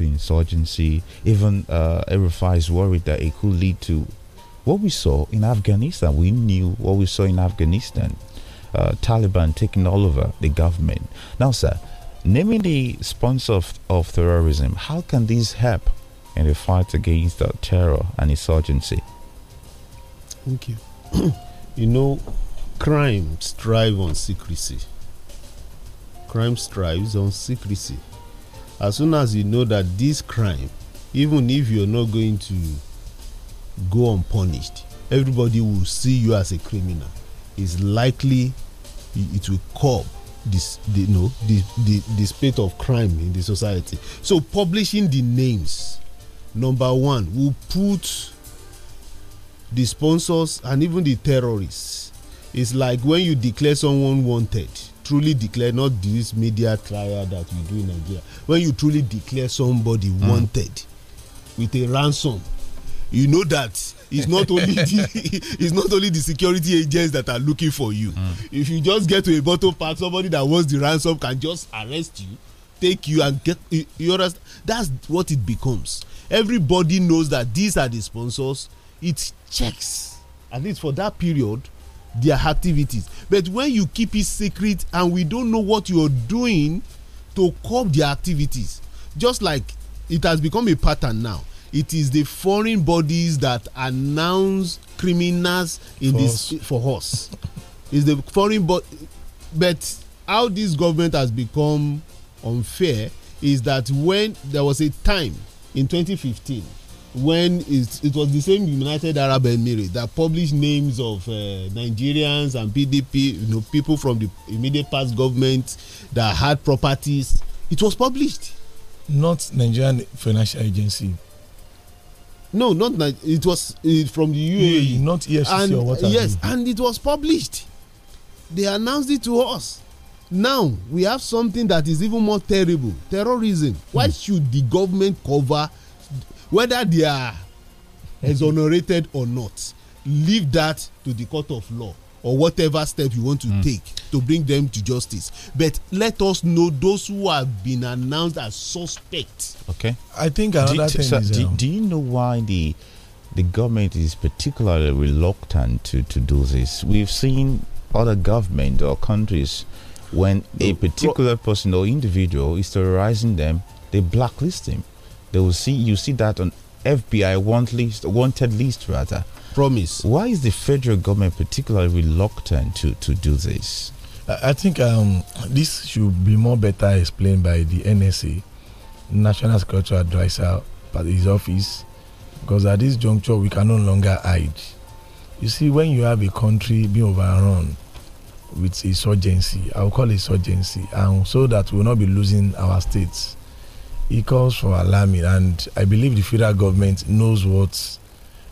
to insurgency. Even uh, Erifai is worried that it could lead to what we saw in Afghanistan. We knew what we saw in Afghanistan. Uh, Taliban taking all over the government. Now, sir, naming the sponsor of, of terrorism, how can this help in the fight against terror and insurgency? Thank you. you know, crime strives on secrecy. Crime strives on secrecy as soon as you know that this crime even if you're not going to go unpunished everybody will see you as a criminal it's likely it will curb this the, you know, the, the, the state of crime in the society so publishing the names number one will put the sponsors and even the terrorists it's like when you declare someone wanted truly declare not this media trial that we do in nigeria when you truly declare somebody mm. wanted with a ransom you know that it's not only the it's not only the security agents that are looking for you mm. if you just get to a bottom part, somebody that wants the ransom can just arrest you take you and get you, you understand that's what it becomes everybody knows that these are the sponsors it checks at least for that period their activities but when you keep it secret and we don't know what you're doing to curb their activities just like it has become a pattern now it is the foreign bodies that announce criminals in for this us. for us is the foreign body but how this government has become unfair is that when there was a time in 2015 when it, it was the same United Arab Emirates that published names of uh, Nigerians and PDP, you know, people from the immediate past government that had properties. It was published. Not Nigerian Financial Agency. No, not it was uh, from the UAE. Mm, e, not EFCC and, or what? Yes, and it was published. They announced it to us. Now we have something that is even more terrible: terrorism. Mm. Why hmm. should the government cover? whether they are exonerated or not leave that to the court of law or whatever step you want to mm. take to bring them to justice but let us know those who have been announced as suspects okay i think another do, thing is, do, um, do you know why the the government is particularly reluctant to to do this we've seen other government or countries when a particular person or individual is terrorizing them they blacklist him they will see you see that on FBI want list, wanted list rather. Promise. Why is the federal government particularly reluctant to, to do this? I think um, this should be more better explained by the NSA, National Security Advisor, but his office, because at this juncture we can no longer hide. You see, when you have a country being overrun with insurgency, I'll call it insurgency, and um, so that we will not be losing our states he calls for alarming. And I believe the federal government knows what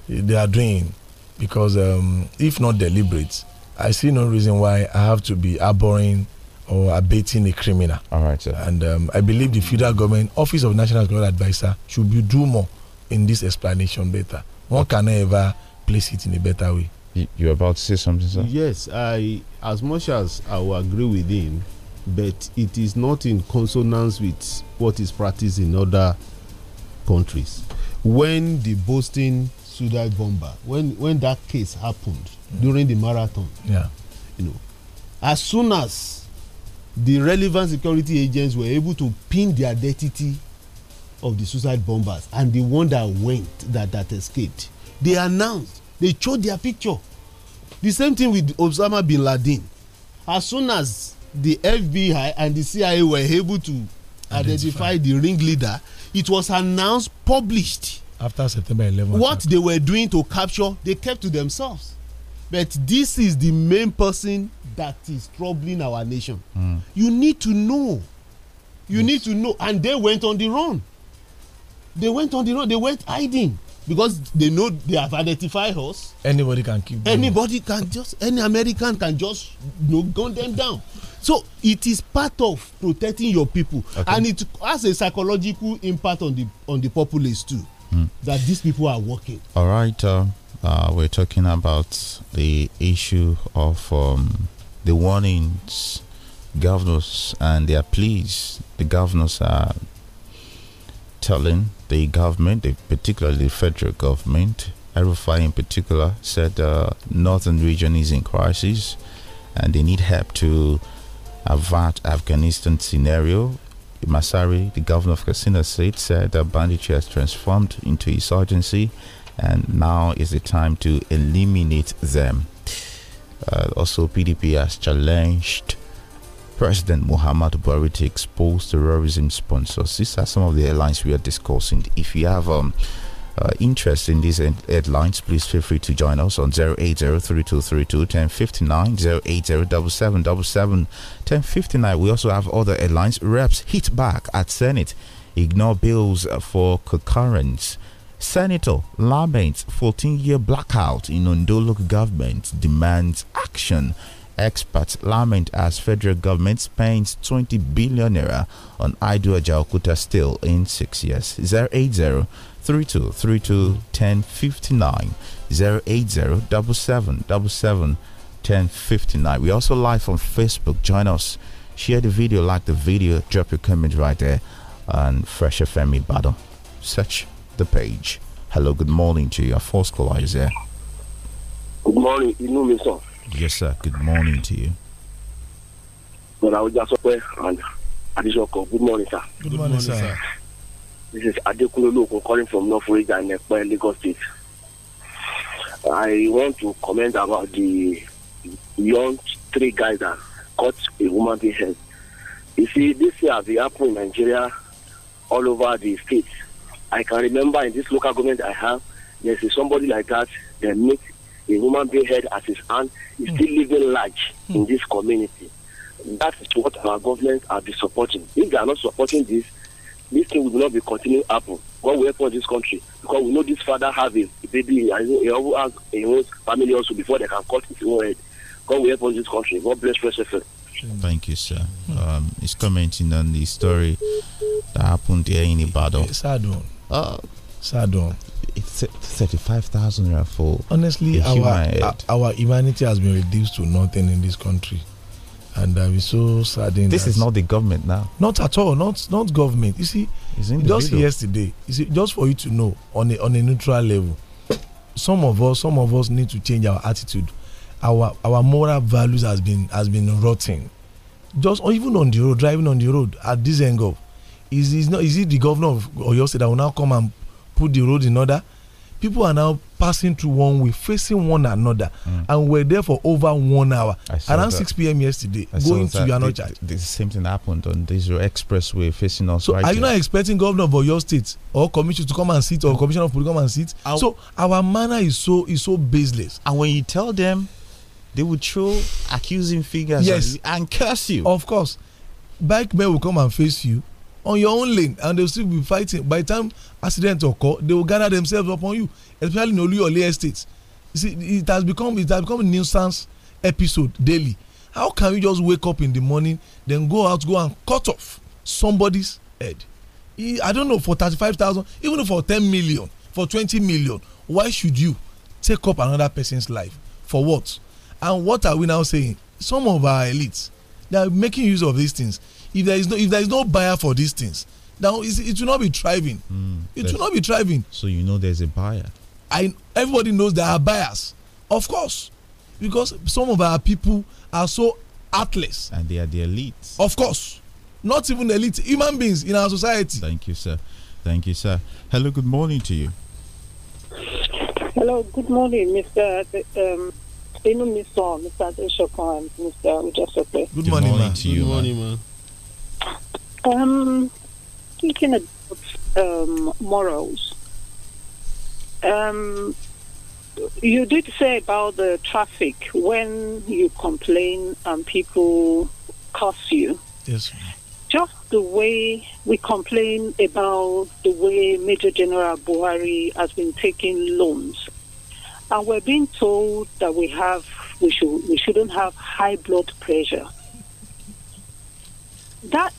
they are doing because um, if not deliberate, I see no reason why I have to be abhorring or abating a criminal. All right, sir. And um, I believe the federal government, Office of National Security Advisor, should be do more in this explanation better. One okay. can ever place it in a better way. You're about to say something, sir? Yes, I, as much as I will agree with him, but it is not in consonance with what is practiced in other countries. When the Boston suicide bomber, when when that case happened mm. during the marathon, yeah, you know, as soon as the relevant security agents were able to pin the identity of the suicide bombers and the one that went that that escaped, they announced, they showed their picture. The same thing with Osama bin Laden. As soon as the FBI and the CIA were able to identify, the ringleader, it was announced, published. After September 11. What they were doing to capture, they kept to themselves. But this is the main person that is troubling our nation. Mm. You need to know. You yes. need to know. And they went on the run. They went on the run. They went hiding because they know they have identified us. Anybody can kill. Anybody can just any American can just you know, gun them down. So it is part of protecting your people, okay. and it has a psychological impact on the on the populace too. Mm. That these people are working. All right, uh, uh, we're talking about the issue of um, the warnings governors and their pleas. The governors are telling the government, particularly the federal government, Arufai in particular, said the northern region is in crisis and they need help to avert Afghanistan scenario. Masari, the governor of Kasina State, said that banditry has transformed into insurgency and now is the time to eliminate them. Uh, also, PDP has challenged President Muhammad Buhari to expose terrorism sponsors. These are some of the headlines we are discussing. If you have um, uh, interest in these headlines, please feel free to join us on 080-3232-1059, 080-7777-1059. We also have other headlines. Reps hit back at Senate, ignore bills for concurrence. Senator laments 14-year blackout in Ondo local government, demands action. Experts lament as federal government spends 20 billion naira on Idua Jaukuta steel in six years. 080 3232 1059 080 7777 1059. We also live on Facebook. Join us. Share the video, like the video, drop your comment right there on Fresh FM Battle. Search the page. Hello, good morning to you. Our first caller is there. Good morning, sir. Yes, sir. Good morning to you. Good morning, sir. Good morning, sir. This is Adekunle calling from North Ridge and Lagos State. I want to comment about the young three guys that cut a woman head. You see, this year the happened in Nigeria, all over the state. I can remember in this local government I have, there's somebody like that, they make a human being held at his hand is still living large hmm. in this community. That is what our government are be supporting. If they are not supporting this, this thing will not be continuing happen. God will help us this country because we know this father have a baby and he has a whole family also before they can cut his own head. God will help us this country. God bless Fresh Thank you, sir. Um, he's commenting on the story that happened here in Ibadan. Sad one. Uh, Sad one it's 35,000 naira for honestly our our humanity has been reduced to nothing in this country and I'm so saddened. This is not the government now. Not at all. Not not government. You see, just yesterday. You see, just for you to know on a on a neutral level, some of us some of us need to change our attitude. Our our moral values has been has been rotting. Just even on the road, driving on the road at this angle, is is not is it the governor of Oyo State that will now come and put the road in order people are now passing through one way facing one another mm. and we're there for over one hour around that. 6 p.m yesterday I going to your church the, the same thing happened on this expressway facing us so right are you not expecting governor of your state or Commission to come and sit or Commission of police come and sit I'll, so our manner is so is so baseless and when you tell them they will throw accusing fingers yes. and, and curse you of course bike men will come and face you on your own lane and they will still be fighting by the time accident occur they will gather themselves upon you especially in oluyole estate you see it has become it has become a nuisance episode daily how can you just wake up in the morning then go out go and cut off somebody's head i don't know for thirty-five thousand even for ten million for twenty million why should you take up another person's life for what and what are we now saying some of our elites they are making use of these things if there is no if there is no buyer for these things now it will not be thriving mm, it will not be thriving so you know there's a buyer i everybody knows there are buyers of course because some of our people are so heartless and they are the elite of course not even elite human beings in our society thank you sir thank you sir hello good morning to you hello good morning mr um, Mr. Mr. Mr. Good morning, Good morning, man. To you, good morning, man. man. Um, speaking about um, morals, um, you did say about the traffic when you complain and people curse you. Yes. Just the way we complain about the way Major General Buhari has been taking loans, and we're being told that we have we should we shouldn't have high blood pressure. That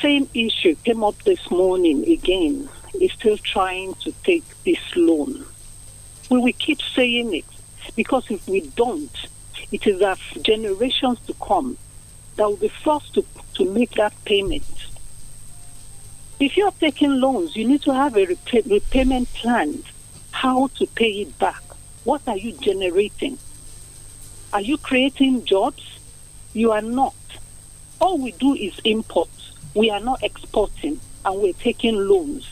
same issue came up this morning again. Is still trying to take this loan. We keep saying it because if we don't, it is our generations to come that will be forced to, to make that payment. If you are taking loans, you need to have a repay- repayment plan. How to pay it back? What are you generating? Are you creating jobs? You are not. All we do is import we are not exporting and we're taking loans.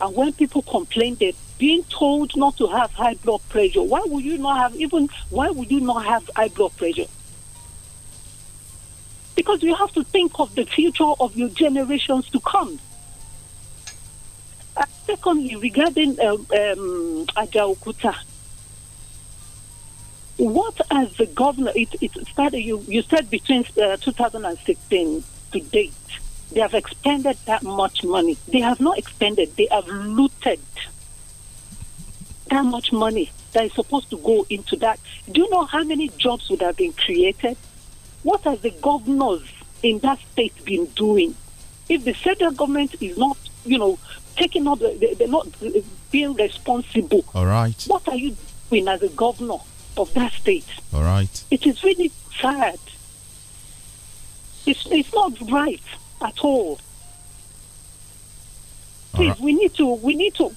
And when people complain, they're being told not to have high blood pressure. Why would you not have even? Why would you not have high blood pressure? Because you have to think of the future of your generations to come. Uh, secondly, regarding um, um, Ajaokuta, what has the governor? It, it started. You you said between uh, 2016 to date, they have expended that much money. They have not expended, they have looted that much money that is supposed to go into that. Do you know how many jobs would have been created? What has the governors in that state been doing? If the federal government is not, you know, taking up, they're not being responsible. All right. What are you doing as a governor of that state? All right. It is really sad. It's, it's not right at all. Please, right. we need to, we need to.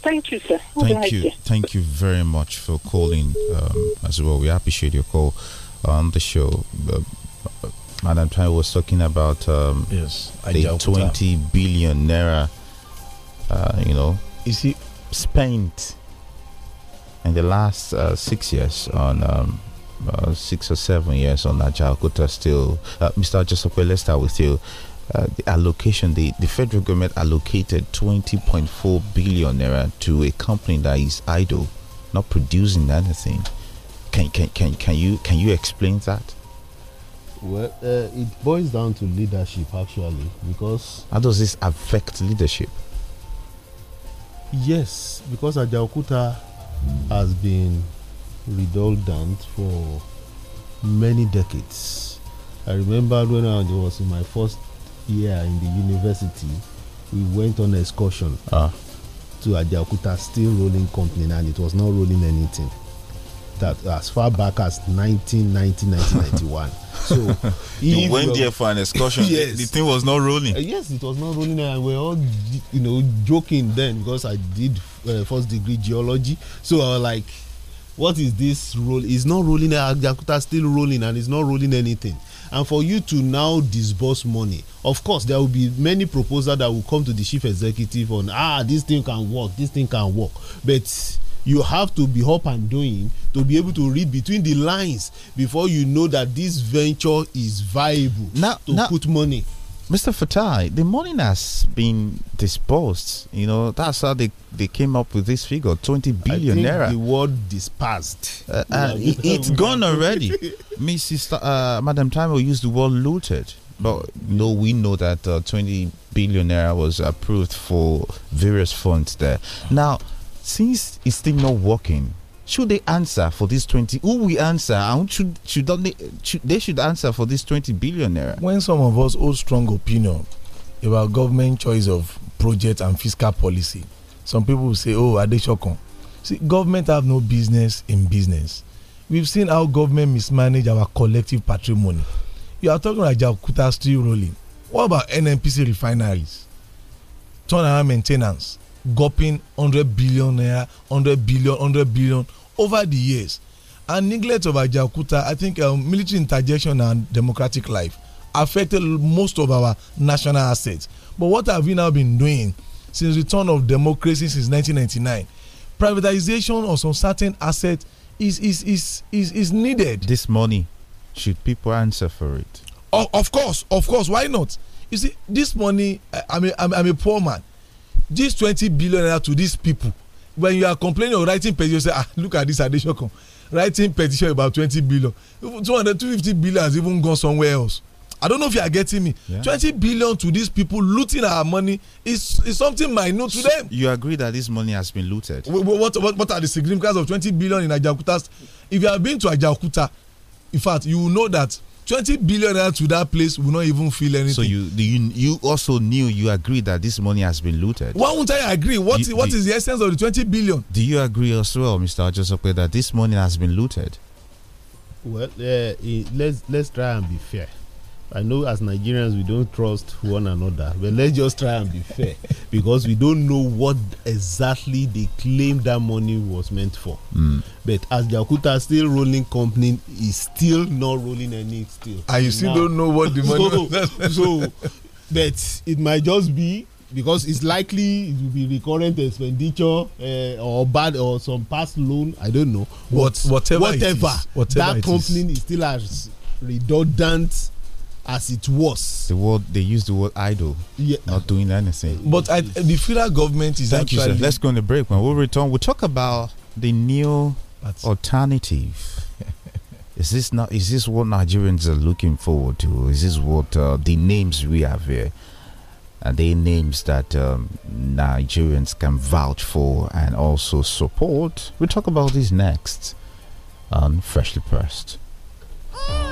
Thank you, sir. What thank you, thank you very much for calling um, as well. We appreciate your call on the show. Uh, Madam Tai was talking about um, yes, the twenty billion naira, uh, you know, is it spent in the last uh, six years on um, uh, six or seven years on Ajakuta still. Uh, Mr. Josepe, let's start with you. Uh, the allocation, the, the federal government allocated 20.4 billion naira to a company that is idle, not producing anything. Can, can, can, can, you, can you explain that? Well, uh, it boils down to leadership actually, because. How does this affect leadership? Yes, because Ajaokuta has been redundant for many decades. I remember when I was in my first year in the university, we went on an excursion to ah. to Ajaokuta Steel Rolling Company, and it was not rolling anything. That as far back as 1990, 1991. so you went there for an excursion. yes, the thing was not rolling. Uh, yes, it was not rolling, and we were all you know joking then because I did uh, first degree geology, so I was like what is this role it's not rolling Jakarta uh, still rolling and it's not rolling anything and for you to now disburse money of course there will be many proposals that will come to the chief executive on ah this thing can work this thing can work but you have to be up and doing to be able to read between the lines before you know that this venture is viable now, to now, put money. Mr. Fatai, the money has been dispersed. You know, that's how they, they came up with this figure, 20 billion naira. The word dispersed. Uh, uh, it, it's gone already. Mrs. Uh, Madam will used the word looted. But no, we know that uh, 20 billion naira was approved for various funds there. Now, since it's still not working, should they answer for this 20 who will answer and should should they should, they should answer for this 20 billionaire when some of us hold strong opinion about government choice of project and fiscal policy some people will say oh are they shocking?" see government have no business in business we've seen how government mismanage our collective patrimony you are talking about jakuta steel rolling what about nnpc refineries turnaround maintenance gulping 100 billion naira 100 billion 100 billion over the years and neglect of ajaokuta i think um, military interjection and democratic life affected most of our national assets but what have we now been doing since the turn of democracy since 1999 privatization of some certain assets is is is is is needed. this money should people answer for it. Oh, of course of course why not you see this money I, am a, I'm, I'm a poor man this twenty billion naira to these people when you are complaining or writing petition say ah look at this adesokan writing petition about twenty billion two hundred two fifty billion has even gone somewhere else i don't know if you are getting me yeah. twenty billion to these people looting our money is is something minor to so them. you agree that this money has been looted. what what what are the significance of twenty billion in Ajakuta? if you have been to Ajakuta, in fact you will know that twenty billion naira to that place will not even feel anything. so you, you you also knew you agreed that this money has been looted. why won't i agree what you, what is the essence of the twenty billion. do you agree as well mr ajosope that this money has been looted. well uh, let's let's try and be fair I know as Nigerians we don't trust one another, but let's just try and be fair because we don't know what exactly they claim that money was meant for. Mm. But as Jakuta Steel Rolling Company is still not rolling any steel. I still now. don't know what the money so, so, but it might just be because it's likely it will be recurrent expenditure uh, or bad or some past loan. I don't know. What, whatever, whatever, whatever, whatever that company is. is still as redundant as it was. The word they use the word idle, yeah. not doing anything. But I, the federal government is Thank actually. You, sir. Let's go on the break. When we return, we'll talk about the new That's alternative. is this not? Is this what Nigerians are looking forward to? Is this what uh, the names we have here? And they names that um, Nigerians can vouch for and also support. We'll talk about this next on Freshly Pressed. Ah!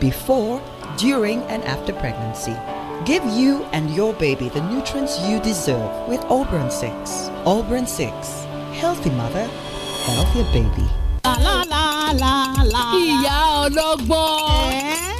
before, during, and after pregnancy. Give you and your baby the nutrients you deserve with Auburn 6. Auburn 6. Healthy mother, healthier baby. La la la la la.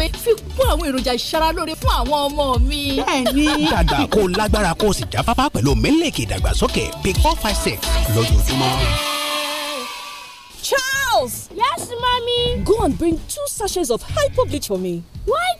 pé fi kún àwọn èròjà ìṣaralóore fún àwọn ọmọ mi. bẹ́ẹ̀ni. dàgbà kó lágbára kó sì jáfáfá pẹ̀lú mílíkì ìdàgbàsókè big four five six lójoojúmọ́. Charles. Yes, mommy. Go and bring two sachets of hypo bleach for me. What?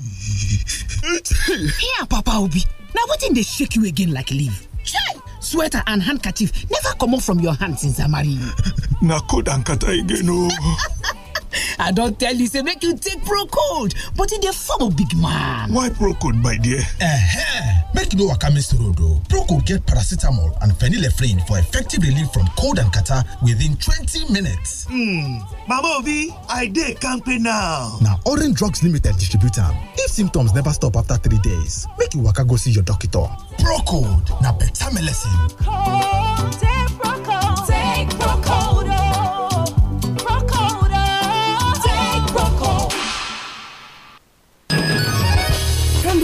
Here, Papa Obi. Now what in they shake you again like leaf? Chai! Sweater and handkerchief never come off from your hands in Zamari. Na cold and kata again oh. i don't tell you say make you take Procode, but e dey form of big man why Procode, my dear eh make you know what miss road o Procode get paracetamol and phenylephrine for effective relief from cold and catar within 20 minutes hmm mama obi i dey campaign now Now orange drugs limited distributor. if symptoms never stop after three days make you waka go see your doctor pro code na beta melecine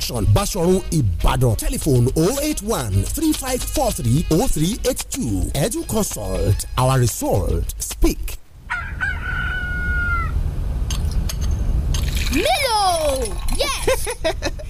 junction Basharun Ibadan. Telephone 081 3543 0382. Edu Consult, our result. Speak. Milo! Yes!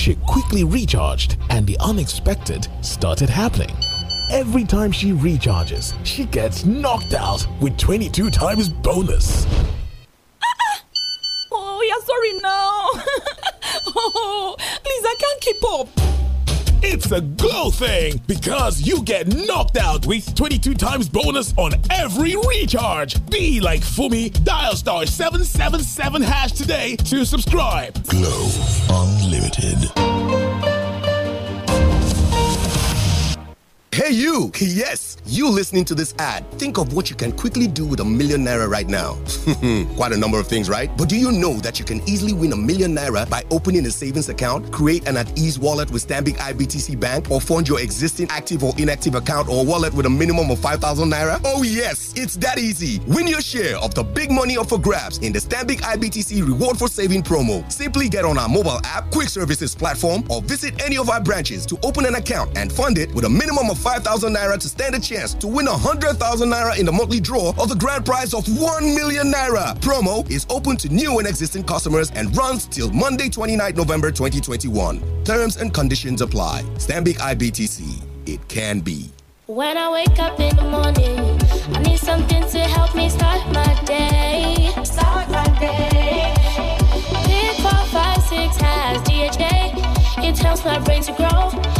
she quickly recharged and the unexpected started happening. Every time she recharges, she gets knocked out with 22 times bonus. Oh, yeah, sorry now. oh, please, I can't keep up. It's a glow thing because you get knocked out with 22 times bonus on every recharge. Be like Fumi, dial star 777 hash today to subscribe. Glow Unlimited. Hey, you! Yes, you listening to this ad. Think of what you can quickly do with a million naira right now. Quite a number of things, right? But do you know that you can easily win a million naira by opening a savings account, create an at ease wallet with Stambik IBTC Bank, or fund your existing active or inactive account or wallet with a minimum of 5,000 naira? Oh, yes, it's that easy. Win your share of the big money up for grabs in the Stambik IBTC Reward for Saving promo. Simply get on our mobile app, quick services platform, or visit any of our branches to open an account and fund it with a minimum of 5,000 naira to stand a chance to win 100,000 naira in the monthly draw of the grand prize of 1 million naira. Promo is open to new and existing customers and runs till Monday, 29 November 2021. Terms and conditions apply. Stanbic IBTC. It can be. When I wake up in the morning, I need something to help me start my day. Start my day. Pick four, five, six has DHA. It helps my brain to grow.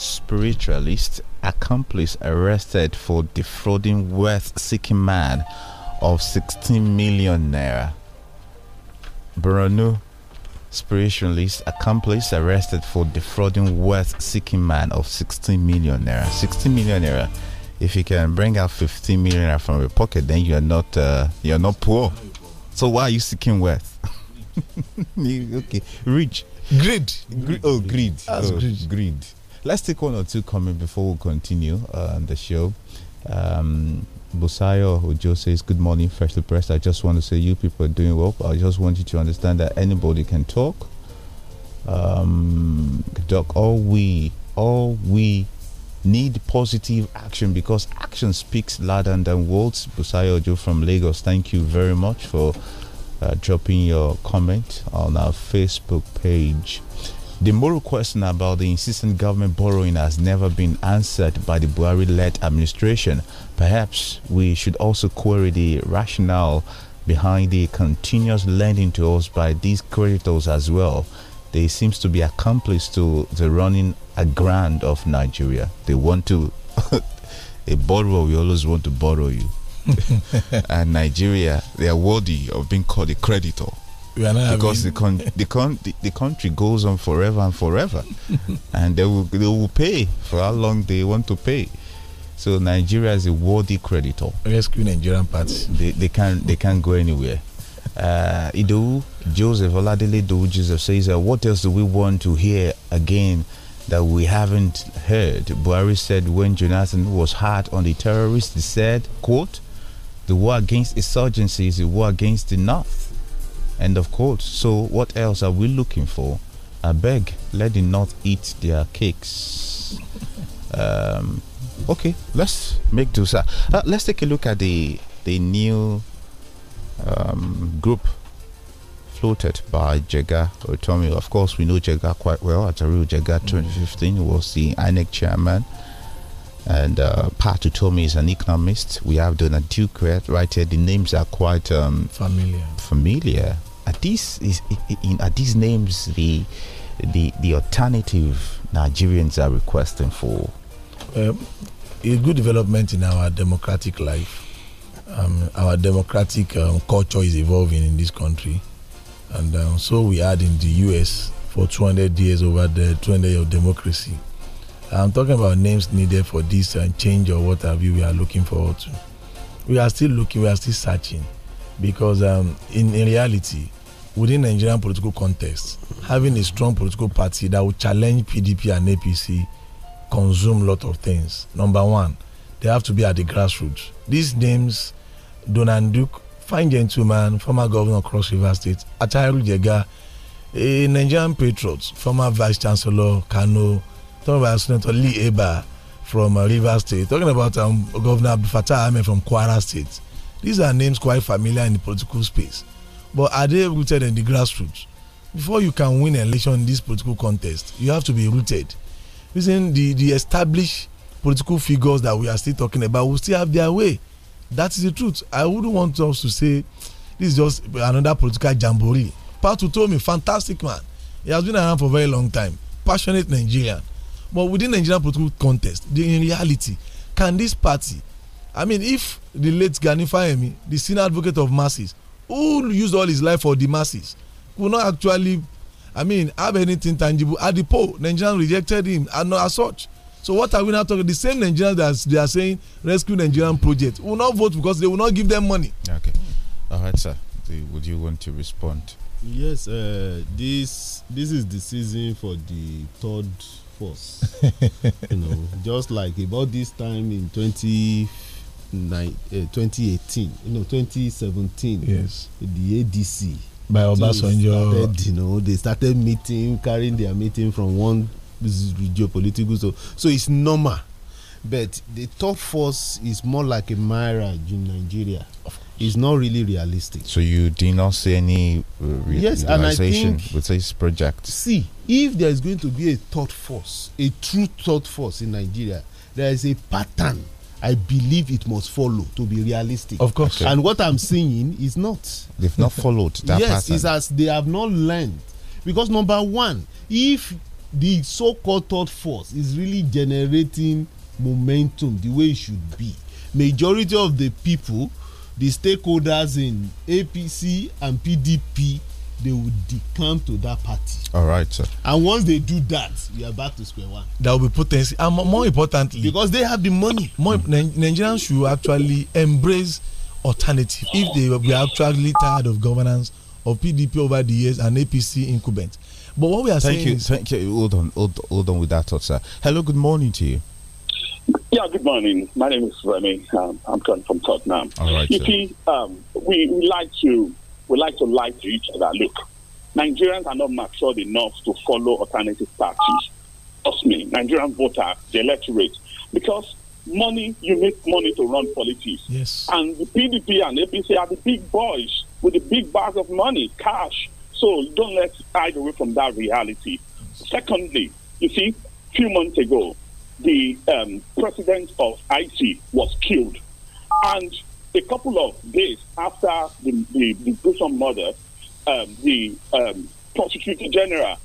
spiritualist accomplice arrested for defrauding worth-seeking man of 16 million naira. Bruno, spiritualist accomplice arrested for defrauding worth-seeking man of 16 million naira. 16 million naira. If you can bring out 15 million naira from your pocket, then you are not uh, you are not poor. So why are you seeking worth? okay, rich. Greed. greed. Oh, greed. That's oh, greed. Greed. Let's take one or two comments before we continue uh, the show. Um, Busayo Ojo says, Good morning, freshly pressed. I just want to say you people are doing well. I just want you to understand that anybody can talk. Um, Doc, all we, all we need positive action because action speaks louder than words. Busayo Ojo from Lagos, thank you very much for uh, dropping your comment on our Facebook page. The moral question about the insistent government borrowing has never been answered by the Buhari led administration. Perhaps we should also query the rationale behind the continuous lending to us by these creditors as well. They seems to be accomplices to the running grand of Nigeria. They want to a borrower always want to borrow you. and Nigeria, they are worthy of being called a creditor because the, con the, con the, the, country goes on forever and forever, and they will they will pay for how long they want to pay. So Nigeria is a worthy creditor. Rescue Nigerian parts. They they can they can't go anywhere. Uh, Ido Joseph Oladele Ido Joseph says, uh, "What else do we want to hear again?" That we haven't heard. Buhari said when Jonathan was hard on the terrorists, he said, quote, the war against insurgency is a war against the North. End of quote. So, what else are we looking for? I beg, let them not eat their cakes. um, okay, let's make do, sir. Uh, let's take a look at the the new um, group floated by Jega Otomi. Of course, we know Jega quite well. a real Jega mm. 2015 was the INEC chairman. And uh, Pat Utomi is an economist. We have Donald Duke right here. The names are quite um, familiar. familiar at these is, in, these names the the the alternative Nigerians are requesting for? Um, a good development in our democratic life. Um, our democratic um, culture is evolving in this country, and um, so we had in the U.S. for 200 years over the 200 years of democracy. I'm talking about names needed for this uh, change or what have you. We are looking forward to. We are still looking. We are still searching, because um, in, in reality, within Nigerian political context, having a strong political party that will challenge PDP and APC consume lot of things. Number one, they have to be at the grassroots. These names, Donan Duke, fine gentleman, former governor of Cross River State, Atayiru Jega, a Nigerian patriot, former vice chancellor Kano, talking about Senator Lee Eba from uh, River State, talking about um, Governor Fatah Ahmed from Kwara State. These are names quite familiar in the political space. but are they rooted in the grassroots? Before you can win election in this political contest, you have to be rooted. Listen, the the established political figures that we are still talking about will still have their way. That is the truth. I wouldn't want us to say this is just another political jamboree. Patu told me, fantastic man. He has been around for a very long time. Passionate Nigerian. But within Nigerian political contest, the, in reality, can this party, I mean, if the late Gani Fahemi, the senior advocate of masses, who used all his life for the masses could not actually i mean have anything tangible at the poll nigerians rejected him and not as such so what are we now talking the same nigerians that they are saying rescue nigerian project will not vote because they will not give them money. okay all right sir would you want to respond. yes uh, this this is the season for the third force you know just like about this time in 2015 Eh, 2018, no, 2017. Yes. The ADC. By Obasanjo. You know, they started meeting, carrying their meeting from one geopolitical. So, so it's normal. But the top force is more like a mirage in Nigeria. It's not really realistic. So you did not see any uh, re yes, realization with this project. See, if there is going to be a thought force, a true thought force in Nigeria, there is a pattern I believe it must follow to be realistic. Of course. Okay. And what I'm saying is not. They've not followed that Yes, pattern. it's as they have not learned. Because number one, if the so-called thought force is really generating momentum the way it should be, majority of the people, the stakeholders in APC and PDP they will decamp to that party. All right, sir. And once they do that, we are back to square one. That will be potency. And more importantly, because they have the money. More, Nigerians should actually embrace alternative if they were actually tired of governance of PDP over the years and APC incumbent. But what we are thank saying you, is, thank you. Hold on, hold, hold on with that thought, sir. Hello, good morning to you. Yeah, good morning. My name is Remy. Um, I'm coming from Tottenham. All right. You sir. see, um, we, we like to we like to lie to each other. Look, Nigerians are not matured enough to follow alternative parties. Trust me, Nigerian voter, the electorate, because money, you need money to run politics. Yes. And the PDP and APC are the big boys with the big bags of money, cash. So don't let's hide away from that reality. Secondly, you see, a few months ago, the um, president of IT was killed. And a couple of days after the, the, the gruesome murder, um, the um, prosecutor general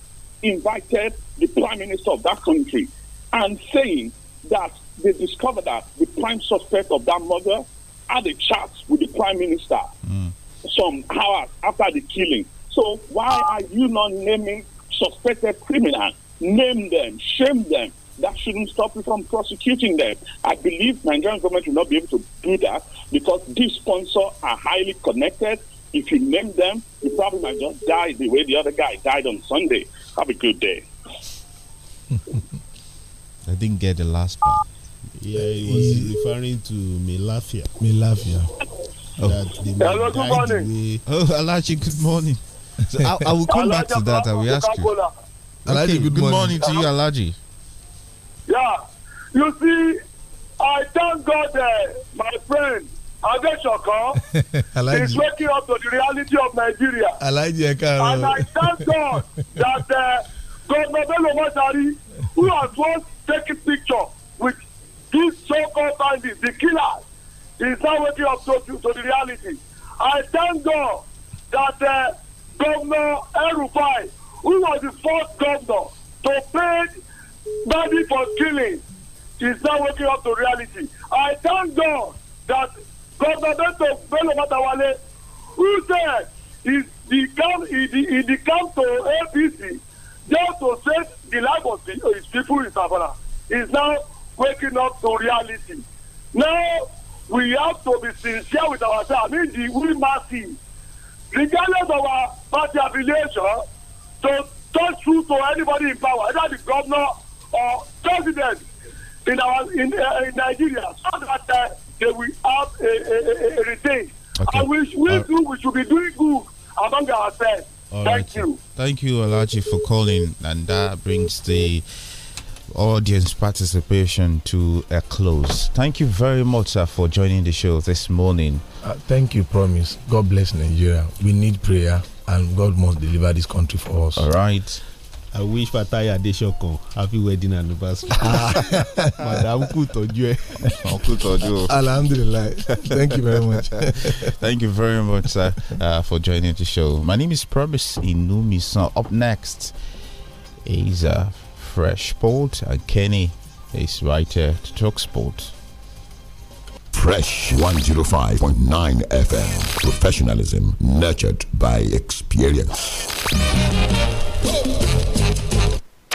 invited the prime minister of that country and saying that they discovered that the prime suspect of that murder had a chat with the prime minister mm. some hours after the killing. So why are you not naming suspected criminals? Name them, shame them, that shouldn't stop you from prosecuting them. I believe Nigerian government will not be able to do that because these sponsors are highly connected. If you name them, you probably might just die the way the other guy died on Sunday. Have a good day. I didn't get the last part. Yeah, he was referring to Milafia. Milafia. Oh. Hello, good morning. Oh, Alachi, good morning. So I, I, will come back to that. I will ask you. Alaji, okay, good, good morning. morning to you, Alaji. Yeah. You see, I thank God, uh, my friend, Adeshoko is waking up to the reality of Nigeria. I like you, And I thank God that uh, Governor Bello Masari, who has once taken picture with these so-called bandits, the killers, is now waking up to, to, the reality. I thank God that uh, Governor Erufai, who was the first governor to pay body for killing is now waking up to reality. I thank God that Governor Beto Bello Matawale, who said he he come he, he come to APC just to save the life of his people in Savannah, is now waking up to reality. Now we have to be sincere with ourselves. I mean, the we masses, regardless of our party affiliation, to touch through to anybody in power, either the governor or president in our in, uh, in Nigeria so that uh, they will have a, a, a, a retain. Okay. And we, we, do, we should be doing good among ourselves. All Thank right. you. Thank you, Alaji, for calling. And that brings the audience participation to a close. Thank you very much, sir, for joining the show this morning. Uh, thank you, Promise. God bless Nigeria. We need prayer, and God must deliver this country for us. All right. I wish Fatai Adesokan happy wedding anniversary. Ah. Madam kú tọ́jú ẹ. Kú tọ́jú o. Alhamdulilayi. Thank you very much. Thank you very much, sir, uh, for joining the show. My name is Promise Inumison. Up next is uh, Fresh Sport, and Kenny is right here to talk sport. Fresh 105.9 FM. Professionalism nurtured by experience.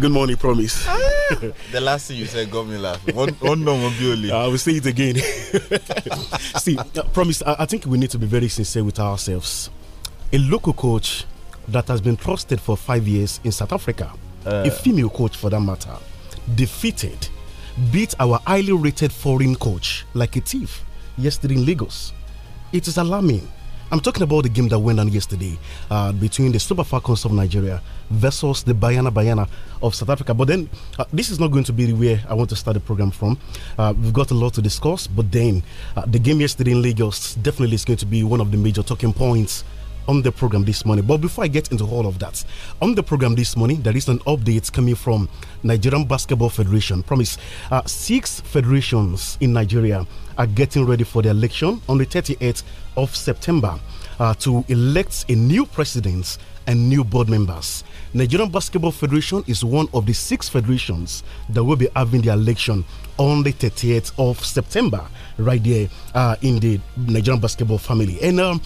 Good morning, promise. Ah. the last thing you said got me laughing. One, one no, only. I will say it again. See, uh, promise. I, I think we need to be very sincere with ourselves. A local coach that has been trusted for five years in South Africa, uh, a female coach for that matter, defeated, beat our highly rated foreign coach like a thief yesterday in Lagos. It is alarming. I'm talking about the game that went on yesterday uh, between the Super Falcons of Nigeria versus the Bayana Bayana of South Africa. But then, uh, this is not going to be where I want to start the program from. Uh, we've got a lot to discuss, but then uh, the game yesterday in Lagos definitely is going to be one of the major talking points on the program this morning. But before I get into all of that, on the program this morning, there is an update coming from Nigerian Basketball Federation. Promise, uh, six federations in Nigeria are getting ready for the election on the 38th of September uh, to elect a new president and new board members. Nigerian Basketball Federation is one of the six federations that will be having the election on the 30th of September, right there uh, in the Nigerian basketball family. And um,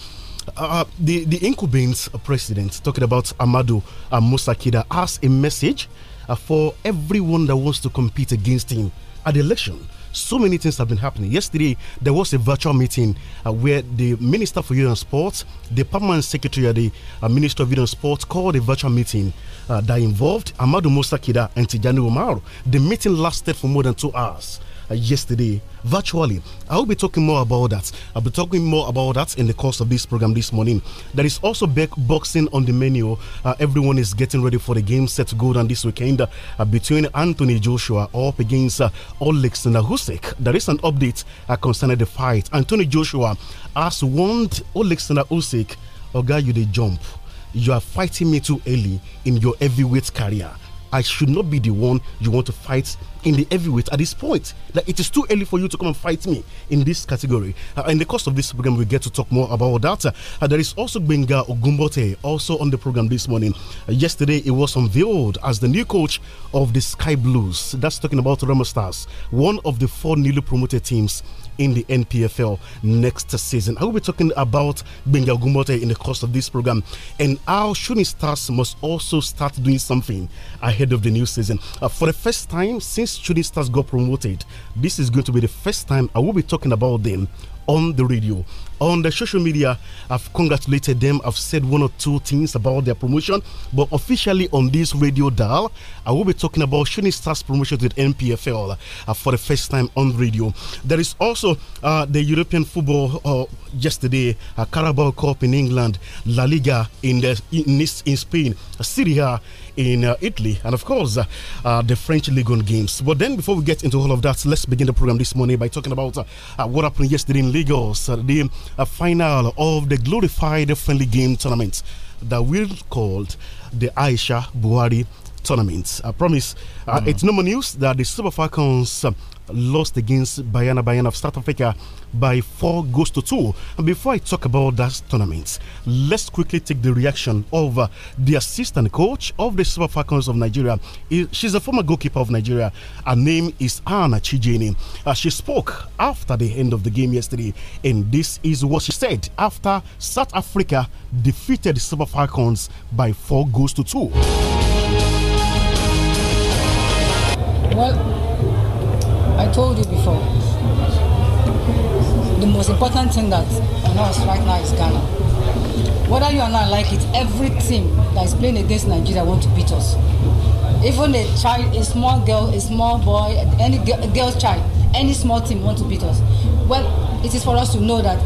uh, the the incumbent president talking about Amadu uh, Musakida has a message uh, for everyone that wants to compete against him at the election. So many things have been happening. Yesterday, there was a virtual meeting uh, where the Minister for Youth and Sports, the permanent secretary of the uh, Minister of Youth and Sports, called a virtual meeting uh, that involved Amadou Mosakida and Tijani Umaru. The meeting lasted for more than two hours. Uh, yesterday virtually. I will be talking more about that. I'll be talking more about that in the course of this program this morning. There is also boxing on the menu. Uh, everyone is getting ready for the game set to go down this weekend uh, between Anthony Joshua up against uh, Olex There is an update uh, concerning the fight. Anthony Joshua has warned Oleg Nahusek, oh, guy, you The jump. You are fighting me too early in your heavyweight career. I should not be the one you want to fight in the heavyweight at this point. That it is too early for you to come and fight me in this category. Uh, in the course of this program, we get to talk more about that. Uh, there is also Benga Ogumbote also on the program this morning. Uh, yesterday, it was unveiled as the new coach of the Sky Blues. That's talking about Roma Stars, one of the four newly promoted teams in the NPFL next season. I will be talking about Benga Ogumbote in the course of this program and how shooting stars must also start doing something ahead of the new season. Uh, for the first time since student stars got promoted, this is going to be the first time I will be talking about them on the radio. On the social media, I've congratulated them. I've said one or two things about their promotion, but officially on this radio dial, I will be talking about Shooting Stars promotion with NPFL uh, for the first time on radio. There is also uh, the European Football uh, yesterday. a Carabao Cup in England, La Liga in the, in, in Spain, Serie in uh, Italy, and of course uh, uh, the French Ligue 1 games. But then, before we get into all of that, let's begin the program this morning by talking about uh, uh, what happened yesterday in Lagos, uh, the final of the glorified friendly game tournament that we called the Aisha Buhari tournament. I promise uh, mm. it's no more news that the Super Falcons uh, lost against Bayana Bayern of South Africa by four goals to two. And before I talk about that tournament, let's quickly take the reaction of uh, the assistant coach of the Super Falcons of Nigeria. She's a former goalkeeper of Nigeria. Her name is Anna Chijeni. Uh, she spoke after the end of the game yesterday, and this is what she said after South Africa defeated the Super Falcons by four goals to two. I told you before, the most important thing that on us right now is Ghana. Whether you are not like it, every team that is playing against Nigeria want to beat us. Even a child, a small girl, a small boy, any girl's child, any small team want to beat us. Well, it is for us to know that,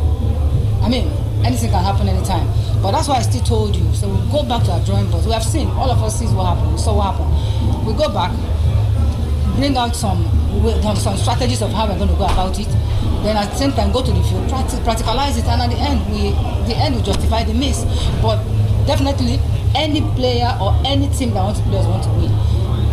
I mean, anything can happen anytime. But that's why I still told you. So we go back to our drawing board. We have seen, all of us sees what happened. We saw what happened. We go back, bring out some some strategies of how we're going to go about it. Then at the same time, go to the field, practicalize it, and at the end, we the end will justify the miss. But definitely, any player or any team that wants players want to win.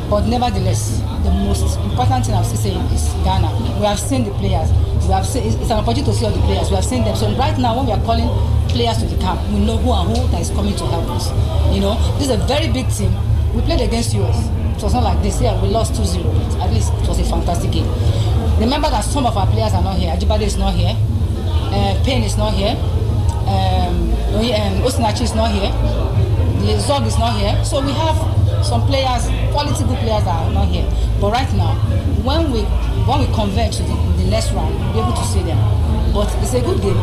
But nevertheless, the most important thing I've saying is Ghana. We have seen the players. We have seen, it's an opportunity to see all the players. We have seen them. So right now, when we are calling players to the camp, we know who and who that is coming to help us. You know, this is a very big team. We played against US. It was not like this. Yeah, we lost 2-0. At least it was a fantastic game. Remember that some of our players are not here. Ajibade is not here. Uh, Payne is not here. Um, um, Osinachi is not here. Zog is not here. So we have some players, quality good players that are not here. But right now, when we when we converge to the, the next round, we'll be able to see them. But it's a good game.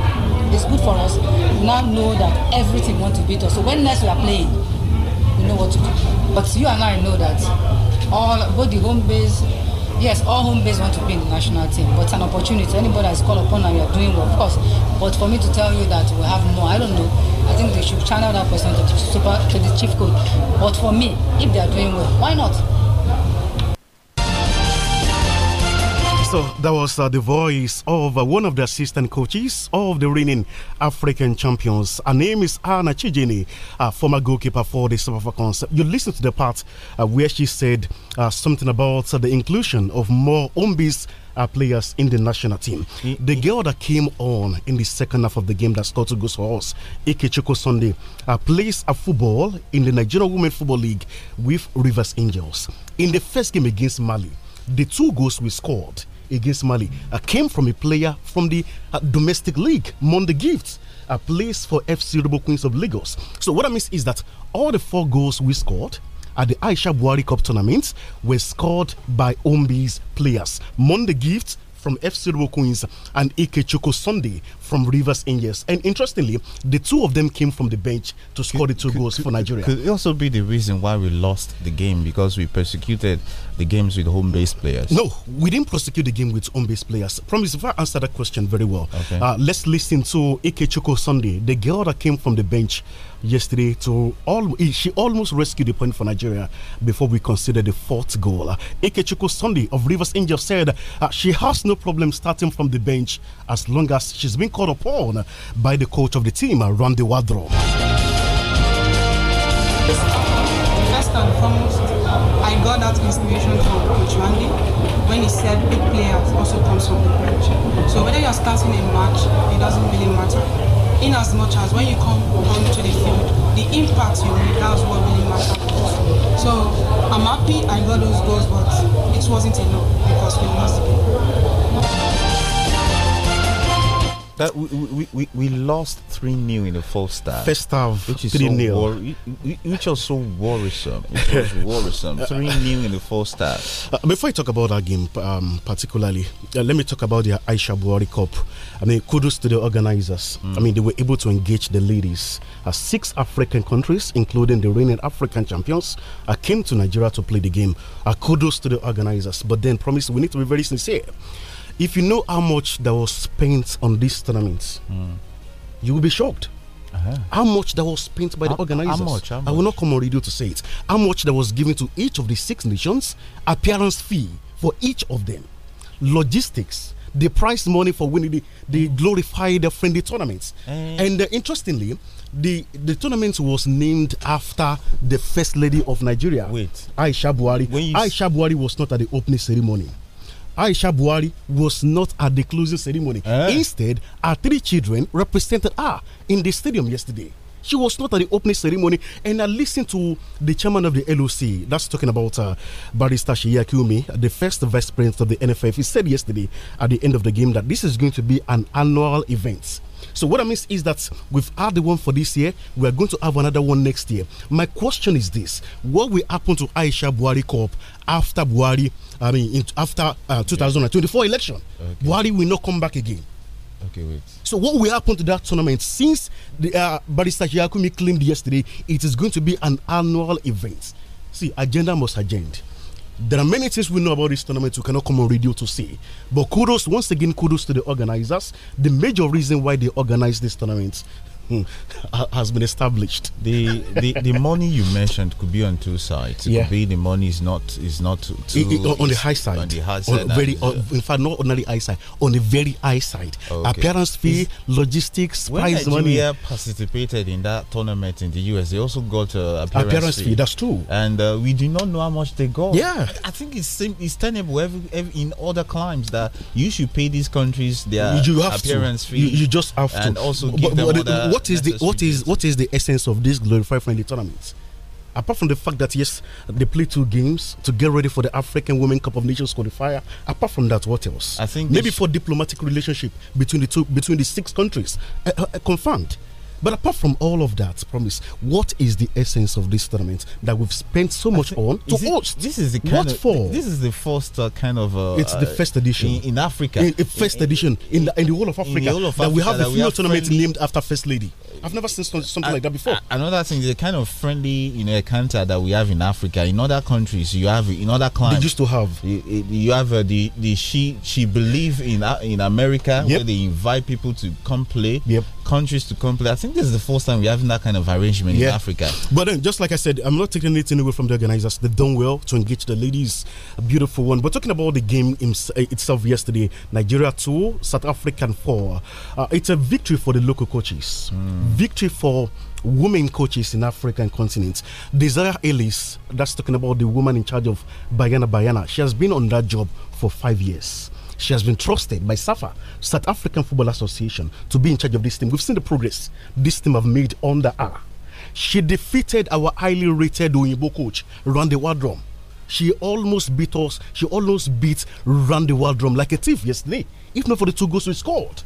It's good for us. We now know that everything wants to beat us. So when next we are playing, we know what to do. But you and I know that all both the home base, yes, all home base want to be in the national team, but an opportunity. Anybody that's called upon and you are doing well, of course. But for me to tell you that we have more, I don't know. I think they should channel that person to super to the chief coach. But for me, if they are doing well, why not? So that was uh, the voice of uh, one of the assistant coaches of the reigning African champions. Her name is Anna Chijini, uh, former goalkeeper for the Super Falcons. You listen to the part uh, where she said uh, something about uh, the inclusion of more Ombis players in the national team. Mm -hmm. The girl that came on in the second half of the game that scored two goals for us, Ikechukwu Sunday, plays a football in the Nigerian Women Football League with Rivers Angels. In the first game against Mali, the two goals we scored against Mali uh, came from a player from the uh, domestic league, Monday Gifts, a place for FC Rebel Queens of Lagos. So, what I mean is that all the four goals we scored at the Aisha Buhari Cup tournament were scored by Ombi's players. Monday Gifts, from FC Queens and Ikechukwu Sunday from Rivers Angels. And interestingly, the two of them came from the bench to score could, the two could, goals could, for Nigeria. Could it also be the reason why we lost the game because we persecuted the games with home based players? No, we didn't prosecute the game with home based players. Promise, if I answer that question very well, okay. uh, let's listen to Ikechukwu Sunday, the girl that came from the bench yesterday to all she almost rescued the point for Nigeria before we considered the fourth goal. Uh, Ikechukwu Sunday of Rivers Angel said uh, she has no problem starting from the bench as long as she's been called upon by the coach of the team, uh, Randy Wadro. First and foremost, I got that inspiration from Coach Randy when he said big players also comes from the bench. So whether you're starting a match, it doesn't really matter in as much as when you come onto the field, the impact you make that's what really matters. So I'm happy I got those goals, but it wasn't enough because we lost the game. That we, we, we, we lost 3 0 in the first half. First half, which is 3 0. So which was so worrisome. It was worrisome. 3 0 in the first half. Uh, before I talk about that game um, particularly, uh, let me talk about the Aisha Buhari Cup. I mean, kudos to the organizers. Mm. I mean, they were able to engage the ladies. Uh, six African countries, including the reigning African champions, uh, came to Nigeria to play the game. Uh, kudos to the organizers. But then, promise, we need to be very sincere. If you know how much that was spent on these tournaments, mm. you will be shocked. Uh -huh. How much that was spent by the organizers? How much, how much? I will not come on radio to say it. How much that was given to each of the six nations, appearance fee for each of them, logistics, the prize money for winning the, the glorified uh, friendly tournaments. Mm. And uh, interestingly, the, the tournament was named after the first lady of Nigeria, Wait. Aisha Buhari. Aisha Buhari was not at the opening ceremony. Aisha Buhari was not at the closing ceremony. Eh? Instead, her three children represented her in the stadium yesterday. She was not at the opening ceremony, and I listened to the chairman of the LOC, that's talking about uh, Barista Shia Kumi, the first vice president of the NFF. He said yesterday at the end of the game that this is going to be an annual event so what I mean is that we've had the one for this year. We are going to have another one next year. My question is this: What will happen to Aisha Buhari Corp after Buhari? I mean, after uh, 2024 okay. election, okay. Buhari will not come back again. Okay, wait. So what will happen to that tournament? Since the uh, Barrister Yakumi claimed yesterday, it is going to be an annual event. See, agenda must agenda. There are many things we know about this tournament we cannot come on radio to see. But kudos, once again, kudos to the organizers. The major reason why they organized this tournament Hmm. has been established. The, the the money you mentioned could be on two sides. It yeah. could be the money is not is not too, it, it, on the high side. On the high side, on very uh, in fact not on the high side, on the very high side. Okay. Appearance fee, is, logistics, when prize Nigeria money. participated in that tournament in the US. They also got uh, appearance, appearance fee. That's true. And uh, we do not know how much they got. Yeah, I think it's it's tenable every, every, in other climes that you should pay these countries their you, you appearance to. fee. You, you, just have and to. And also give but, them but, other, what is the what is what is the essence of this glorified friendly tournament? Apart from the fact that yes, they play two games to get ready for the African Women Cup of Nations qualifier. Apart from that, what else? I think maybe for diplomatic relationship between the two between the six countries uh, uh, uh confirmed. But apart from all of that, promise, what is the essence of this tournament that we've spent so much on to host? This is the kind what of, for? This is the first uh, kind of. Uh, it's the uh, first edition in, in Africa. In, in first in, edition in the, in the whole of Africa, whole of Africa that we have a female tournament friendly. named after First Lady. I've never seen something uh, like that before. Another thing is the kind of friendly you know encounter that we have in Africa. In other countries, you have in other countries. They used to have. You, you have uh, the the she she believe in uh, in America yep. where they invite people to come play. Yep countries to come play. I think this is the first time we're having that kind of arrangement yeah. in Africa. But then, just like I said, I'm not taking anything away from the organizers. They've done well to engage the ladies. A beautiful one. But talking about the game eh, itself yesterday, Nigeria 2, South African 4. Uh, it's a victory for the local coaches, mm. victory for women coaches in African continent. Desire Ellis, that's talking about the woman in charge of Bayana Bayana. She has been on that job for five years. She has been trusted by SAFA, South African Football Association, to be in charge of this team. We've seen the progress this team have made under her. She defeated our highly rated Oyinbo coach, Randy Wardrum. She almost beat us. She almost beat Randy Waldrum like a thief yesterday, if not for the two goals we scored.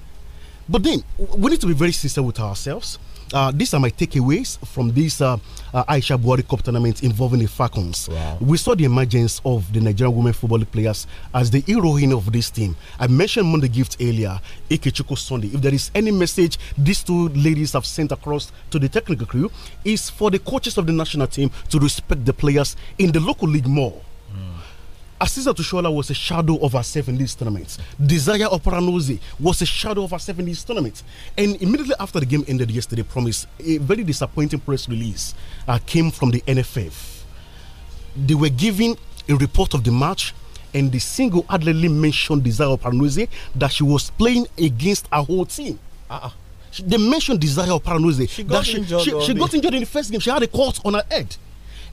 But then, we need to be very sincere with ourselves uh, these are my takeaways from this uh, uh, Aisha Buhari Cup tournament involving the Falcons. Wow. We saw the emergence of the Nigerian women football players as the heroine of this team. I mentioned Monday Gift earlier, Ikechukwu Sunday. If there is any message these two ladies have sent across to the technical crew, is for the coaches of the national team to respect the players in the local league more Assisa Tushola was a shadow of herself in these tournaments. Desire Operanozi was a shadow of herself in these tournaments. And immediately after the game ended yesterday, promise a very disappointing press release uh, came from the NFF. They were giving a report of the match and they single handedly mentioned Desire Operanozi that she was playing against her whole team. Uh -uh. They mentioned Desire Operanozi. that she, she, she got injured in the first game. She had a cut on her head.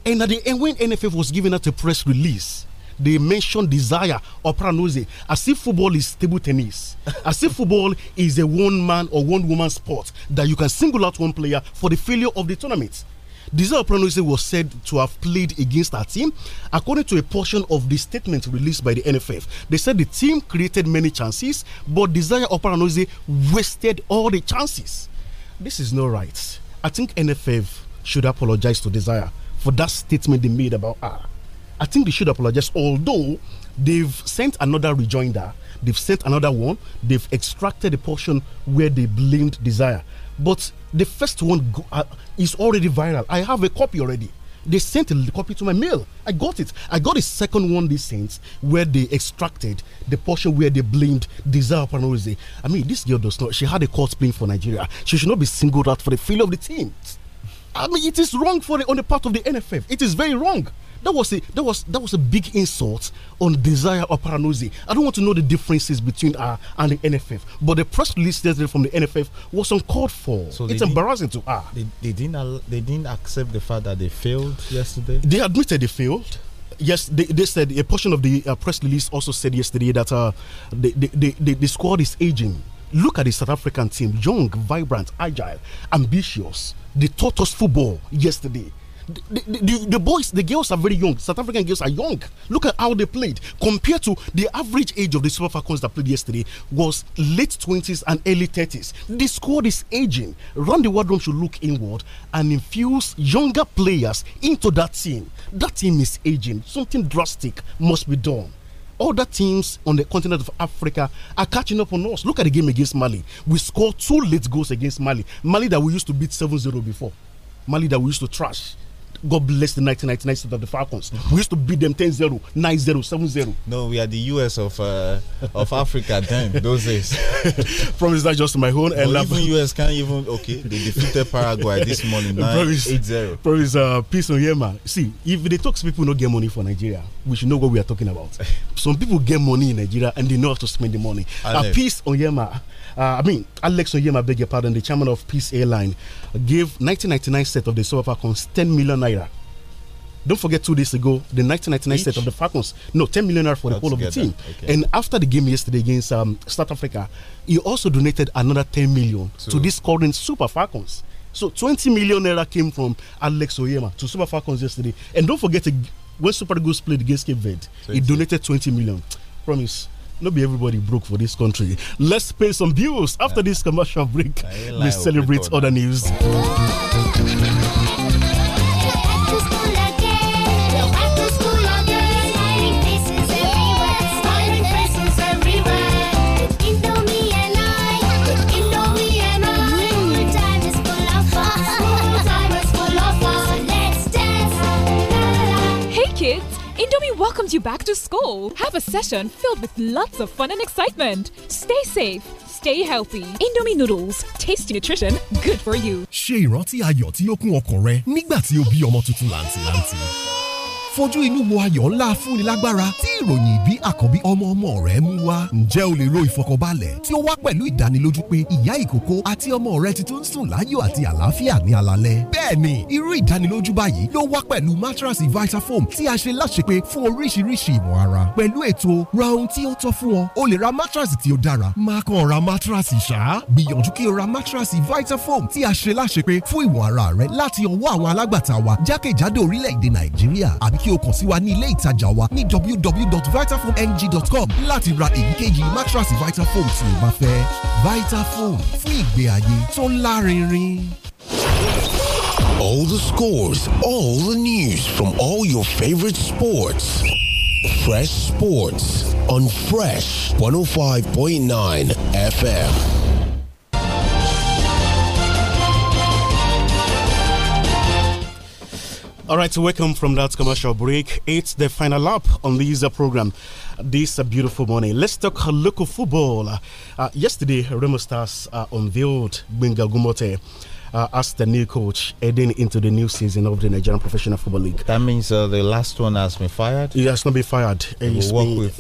And at the end, when NFF was giving out a press release, they mentioned Desire Opranoze as if football is table tennis, as if football is a one man or one woman sport that you can single out one player for the failure of the tournament. Desire Opranoze was said to have played against our team. According to a portion of the statement released by the NFF, they said the team created many chances, but Desire Opranoze wasted all the chances. This is no right. I think NFF should apologize to Desire for that statement they made about her. I think they should apologize, although they've sent another rejoinder, they've sent another one, they've extracted a portion where they blamed Desire. But the first one go, uh, is already viral. I have a copy already. They sent a copy to my mail. I got it. I got the second one they sent where they extracted the portion where they blamed Desire Panose. I mean, this girl does not. She had a court playing for Nigeria. She should not be singled out for the failure of the team. I mean, it is wrong for the, on the part of the NFF. It is very wrong. That was a that was that was a big insult on Desire paranoia. I don't want to know the differences between her uh, and the NFF, but the press release yesterday from the NFF was uncalled for. So it's embarrassing to her. They, they didn't they didn't accept the fact that they failed yesterday. They admitted they failed yes, they, they said a portion of the uh, press release also said yesterday that uh, the, the, the, the, squad is aging. Look at the South African team young, vibrant, agile, ambitious. They taught us football yesterday the, the, the, boys, the girls are very young. South African girls are young. Look at how they played compared to the average age of the Super Falcons that played yesterday was late 20s and early 30s. The squad is aging. Round the world room should look inward and infuse younger players into that team. That team is aging. Something drastic must be done other teams on the continent of Africa are catching up on us. Look at the game against Mali. We scored two late goals against Mali. Mali that we used to beat 7 0 before. Mali that we used to trash. God bless the 1999 state of the Falcons. We used to beat them 10 0, 9 0, 7 0. No, we are the US of uh, of Africa then, those days. Promise that just my own. And even US can't even, okay, they defeated Paraguay this morning, 9 promise, 8 0. Promise, uh, peace on Yema. See, if the talks people not get money for Nigeria, we should know what we are talking about. Some people get money in Nigeria and they know how to spend the money. A uh, peace on Yema. Uh, I mean, Alex Oyema, beg your pardon, the chairman of Peace Airline, gave 1999 set of the Super Falcons 10 million naira. Don't forget two days ago, the 1999 Each? set of the Falcons, no, 10 million naira for Not the whole together. of the team. Okay. And after the game yesterday against um, South Africa, he also donated another 10 million so. to this current Super Falcons. So 20 million naira came from Alex Oyema to Super Falcons yesterday. And don't forget, when Super Eagles played against Cape Verde, he donated 20 million. Promise not be everybody broke for this country. Let's pay some bills. After yeah. this commercial break, we celebrate other news. you back to school. Have a session filled with lots of fun and excitement. Stay safe, stay healthy. Indomie noodles, tasty nutrition, good for you. ṣe ìrántí ayọ̀ tí ó kún ọkàn rẹ nígbà tí o bí ọmọ tuntun làǹtìlanti. fojú inú wo ayọ̀ ńlá fúnni lágbára tí ìròyìn ìbí àkọ́bí ọmọ ọmọ rẹ̀ mú wá. ǹjẹ́ o lè ro ìfọ̀kànbalẹ̀ tí ó wá pẹ̀lú ìdánilójú pé ìyá ìkókó àti ọmọ rẹ̀ ti tún sùn láyọ̀ àti àlàáfíà ní alalẹ́. bẹ́ẹ̀ni irú ìdánilójú báyìí ló wá pẹ̀lú matrasi Vitafoam tí a ṣe láṣepé fún oríṣiríṣi ìwọ̀n ara. pẹ̀lú ètò ra ohun tí ó tọ́ fún ọ o lè ra matrasi tí ó dára má kàn ra matrasi ṣá. gbìyànjú kí o ra matrasi Vitafoam tí a ṣe láṣepé fún ìwọ̀n ara rẹ láti ọwọ́ àwọn alágbàtà wa jákèjádò orílẹ̀-èdè Nàìjíríà àbí k kí o kàn sí wa ní ilé ìtajà wa ní www.vitafoamng.com láti ra èyíkéyìí mattress Vitafoam tí o fẹ́ Vitafoam fún ìgbé ayé tó lárinrin. All the scores, all the news from all your favorite sports. Fresh Sports on Fresh 105.9 FM. All right, so welcome from that commercial break. It's the final lap on this uh, program. This uh, beautiful morning. Let's talk local football. Uh, yesterday, Remo Stars uh, unveiled Benga Gumote uh, as the new coach heading into the new season of the Nigerian Professional Football League. That means uh, the last one has been fired. He has not been fired. He he's, been,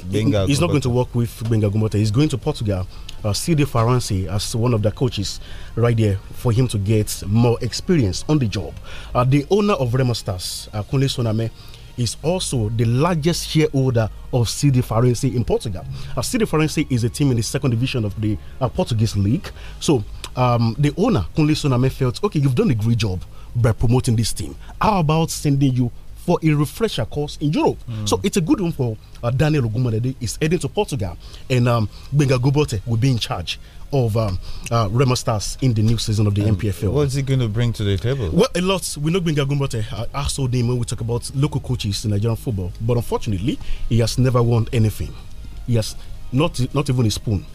he's not going to work with Benga Gumbota. He's going to Portugal. Uh, CD Faransi as one of the coaches right there for him to get more experience on the job. Uh, the owner of Remo Stars, uh, Kunle Soname, is also the largest shareholder of CD Farense in Portugal. Uh, CD Farense is a team in the second division of the uh, Portuguese league. So um, the owner, Kunle Soname, felt, okay, you've done a great job by promoting this team. How about sending you for a refresher course in Europe. Mm. So it's a good one for uh, Daniel Ogumadede. He's heading to Portugal, and um, Benga Gubote will be in charge of um, uh, Remo Stars in the new season of the um, MPFL. What's he going to bring to the table? Well, a lot. We know Benga Gubote I saw name when we talk about local coaches in Nigerian football, but unfortunately, he has never won anything. He has not not even a spoon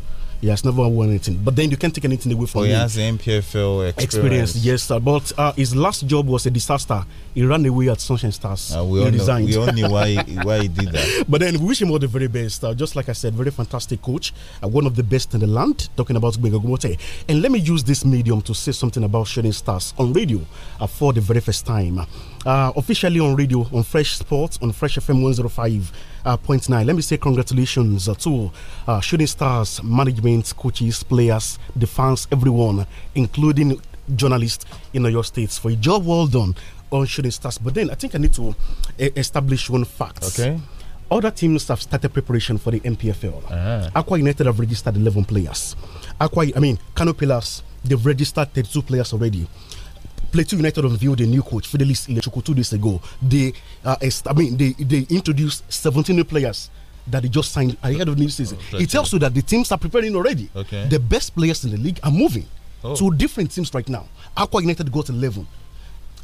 he has never won anything. But then you can't take anything away from oh, him. He has MPFL experience. experience yes, sir. But uh, his last job was a disaster. He ran away at Sunshine Stars. Uh, we, he all Know, we all knew why he, why he did that. But then we wish him all the very best. Uh, just like I said, very fantastic coach. Uh, one of the best in the land. Talking about Gbegagumote. And let me use this medium to say something about Shooting Stars on radio uh, for the very first time. Uh, officially on radio, on Fresh Sports, on Fresh FM 105 uh, point nine. Let me say congratulations to uh, shooting stars, management, coaches, players, the fans, everyone, including journalists in your states for a job well done on shooting stars. But then I think I need to establish one fact. Okay. Other teams have started preparation for the MPFL. Aqua ah. United have registered 11 players. Aqua, I mean, Canopilas, they've registered 32 players already. Plateau United unveiled a new coach, Fidelis Ilechuku, two days ago. They, uh, I mean, they, they introduced 17 new players that they just signed ahead of the new season. Oh, it tells you that the teams are preparing already. Okay. The best players in the league are moving oh. to different teams right now. Aqua United got 11.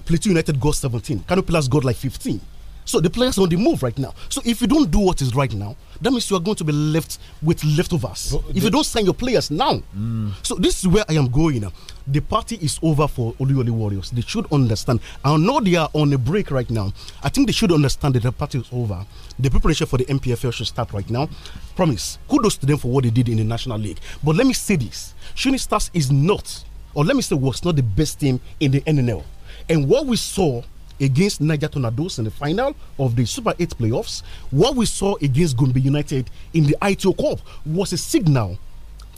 Plateau United got 17. Canopilas got like 15. So the players are on the move right now. So if you don't do what is right now, that means you are going to be left with leftovers. But oh, if you don't sign your players now, mm. so this is where I am going. The party is over for Oluyole Warriors. They should understand. I know they are on a break right now. I think they should understand that the party is over. The preparation for the MPFL should start right now. Promise. Kudos to them for what they did in the National League. But let me say this: Shooting Stars is not, or let me say, was not the best team in the NNL. And what we saw against Niger Tornadoes in the final of the Super 8 playoffs. What we saw against Gumbi United in the ITO Cup was a signal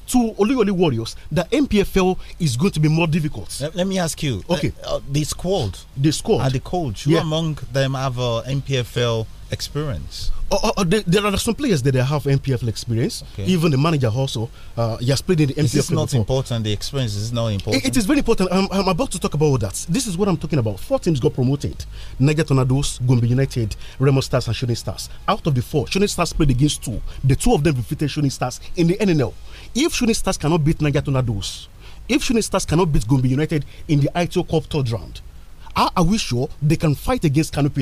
to Oluyole Warriors that MPFL is going to be more difficult. Let, let me ask you. Okay. Uh, uh, the squad. The squad. and the coach. Who yeah. among them have uh, MPFL experience? Oh, oh, oh there are some players that they have MPFL experience. Okay. Even the manager also, uh, he has played in the MPFL. This not before. important. The experience is not important. it, it is very important. I'm, I'm, about to talk about that. This is what I'm talking about. Four teams got promoted: Niger Tornadoes, Gombe United, Remo Stars, and Shooting Stars. Out of the four, Shooting Stars played against two. The two of them defeated Shooting Stars in the NNL. If Shooting Stars cannot beat Niger Tornadoes, if Shooting Stars cannot beat Gombe United in the ITO Cup third round how are we sure they can fight against Kano uh,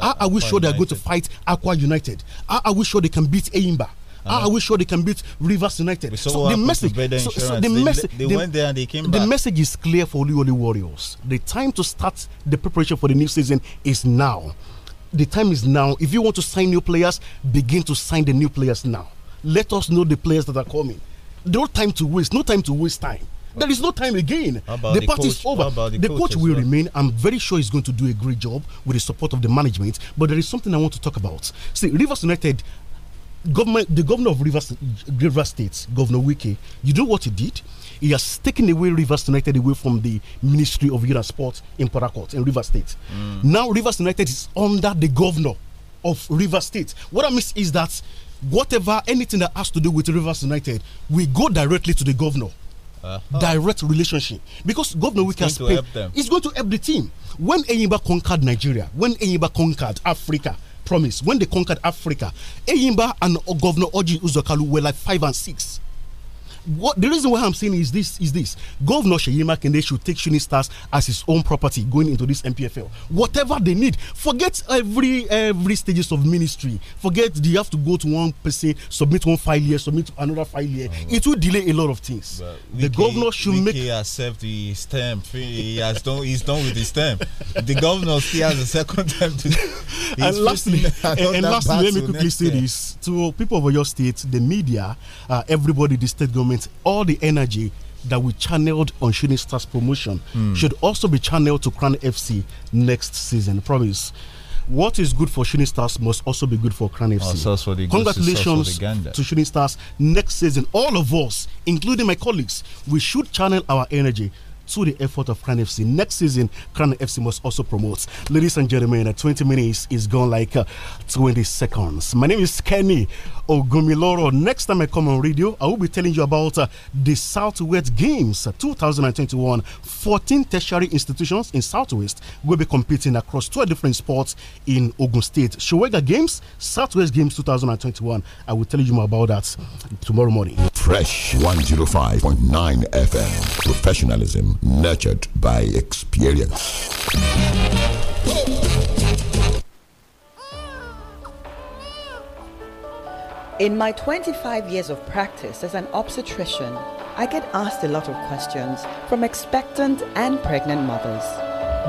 How are we sure they're going to fight Aqua United? How are we sure they can beat Aimba? How uh-huh. are we sure they can beat Rivers United? So the message, so, so the message, they, they, went there and they came the back. The message is clear for Olioli Warriors. The time to start the preparation for the new season is now. The time is now. If you want to sign new players, begin to sign the new players now. Let us know the players that are coming. No time to waste. No time to waste time there is no time again. The, the part coach? is over. The, the, coach, will well? remain. I'm very sure he's going to do a great job with the support of the management. But there is something I want to talk about. See, Rivers United government, the governor of Rivers, Rivers State, Governor Wiki, you know what he did? He has taken away Rivers United away from the Ministry of Youth and Sport in Port in Rivers State. Mm. Now Rivers United is under the governor of Rivers State. What I miss is that whatever anything that has to do with Rivers United, we go directly to the governor. Uh-huh. Direct relationship because Governor Wike has paid. It's going to help the team. When Enyimba conquered Nigeria, when Enyimba conquered Africa, promise when they conquered Africa, Enyimba and Governor Oji Uzokalu were like five and six what the reason why I'm saying is this is this Governor Sheyima Kende should take Shooting Stars as his own property going into this MPFL. Whatever they need, forget every every stages of ministry. Forget they have to go to one person, submit one file here, submit another file here. Oh, it will delay a lot of things. the governor should Wiki make. He accept the stamp. He has done. He's done with the stamp. the governor still has a second time to. and lastly, and, and lastly, let me quickly say this to people of your state, the media, uh, everybody, the state government all the energy that we channeled on Shooting Stars promotion mm. should also be channeled to Crown FC next season. Promise. What is good for Shooting Stars must also be good for Crown FC. Oh, Congratulations to Shooting Stars next season. All of us, including my colleagues, we should channel our energy to the effort of Crown FC. Next season, Crown FC must also promote. Ladies and gentlemen, 20 minutes is gone like uh, 20 seconds. My name is Kenny Ogumiloro. Next time I come on radio, I will be telling you about uh, the Southwest Games uh, 2021. 14 tertiary institutions in Southwest will be competing across 12 different sports in Ogun State. Showega Games, Southwest Games 2021. I will tell you more about that tomorrow morning. Fresh 105.9 FM. Professionalism nurtured by experience. In my 25 years of practice as an obstetrician, I get asked a lot of questions from expectant and pregnant mothers.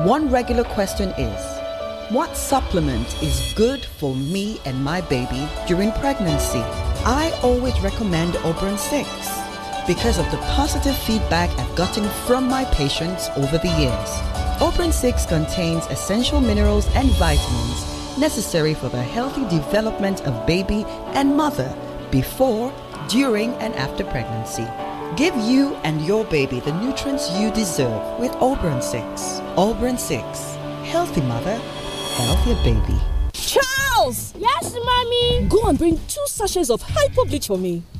One regular question is What supplement is good for me and my baby during pregnancy? I always recommend Oberon 6 because of the positive feedback I've gotten from my patients over the years. Operin 6 contains essential minerals and vitamins necessary for the healthy development of baby and mother before, during, and after pregnancy. Give you and your baby the nutrients you deserve with Oberon 6. Oberon 6. Healthy mother, healthier baby. Charles! Yes, mommy! Go and bring two sachets of hypo bleach for me.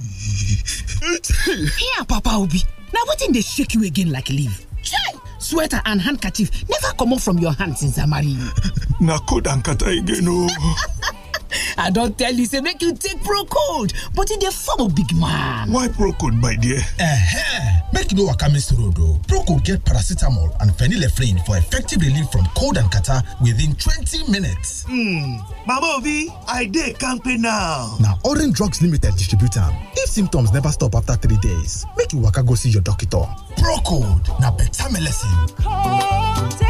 Here, Papa Obi. Now what wetin they shake you again like leaf? Chai! Sweater and handkerchief never come off from your hands since I marry you. Na cold and kata again o. i don't tell you say make you take procold but e dey form a big man why procold my dear? eh make you know what miss road o procold get paracetamol and phenylephrine for effective relief from cold and catar within 20 minutes hmm mama obi i dey now. Now orange drugs limited distributor. if symptoms never stop after three days make you waka go see your doctor procold now better medicine.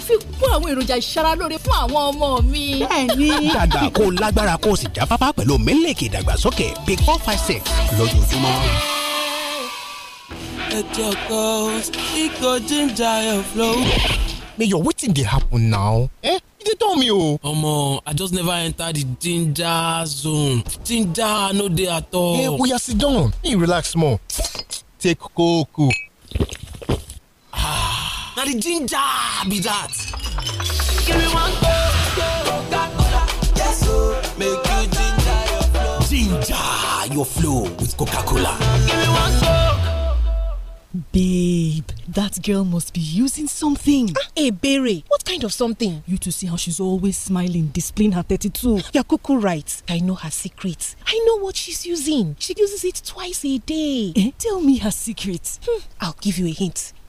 fi kún àwọn èròjà ìṣaralóore fún àwọn ọmọ mi. bẹ́ẹ̀ni. dàgbà kó lágbára kó o sì jáfáfá pẹ̀lú mílíkì ìdàgbàsókè big four five six lójoojúmọ́. At your calls, it go ginger your flow. Mayor, wetin dey happen now? Eh? You dey tell me o. Omo, I just never enter the ginger zone. Ginger no dey at all. Eh, oya sit down, make relax small. Take cold Ah. na the ginger be that. Ginger your flow with Coca Cola. Babe, that girl must be using something. Ah, hey, Berry, what kind of something? You to see how she's always smiling, displaying her 32. Ah, Yakuku writes, I know her secret. I know what she's using. She uses it twice a day. Eh? Tell me her secret. Hmm, I'll give you a hint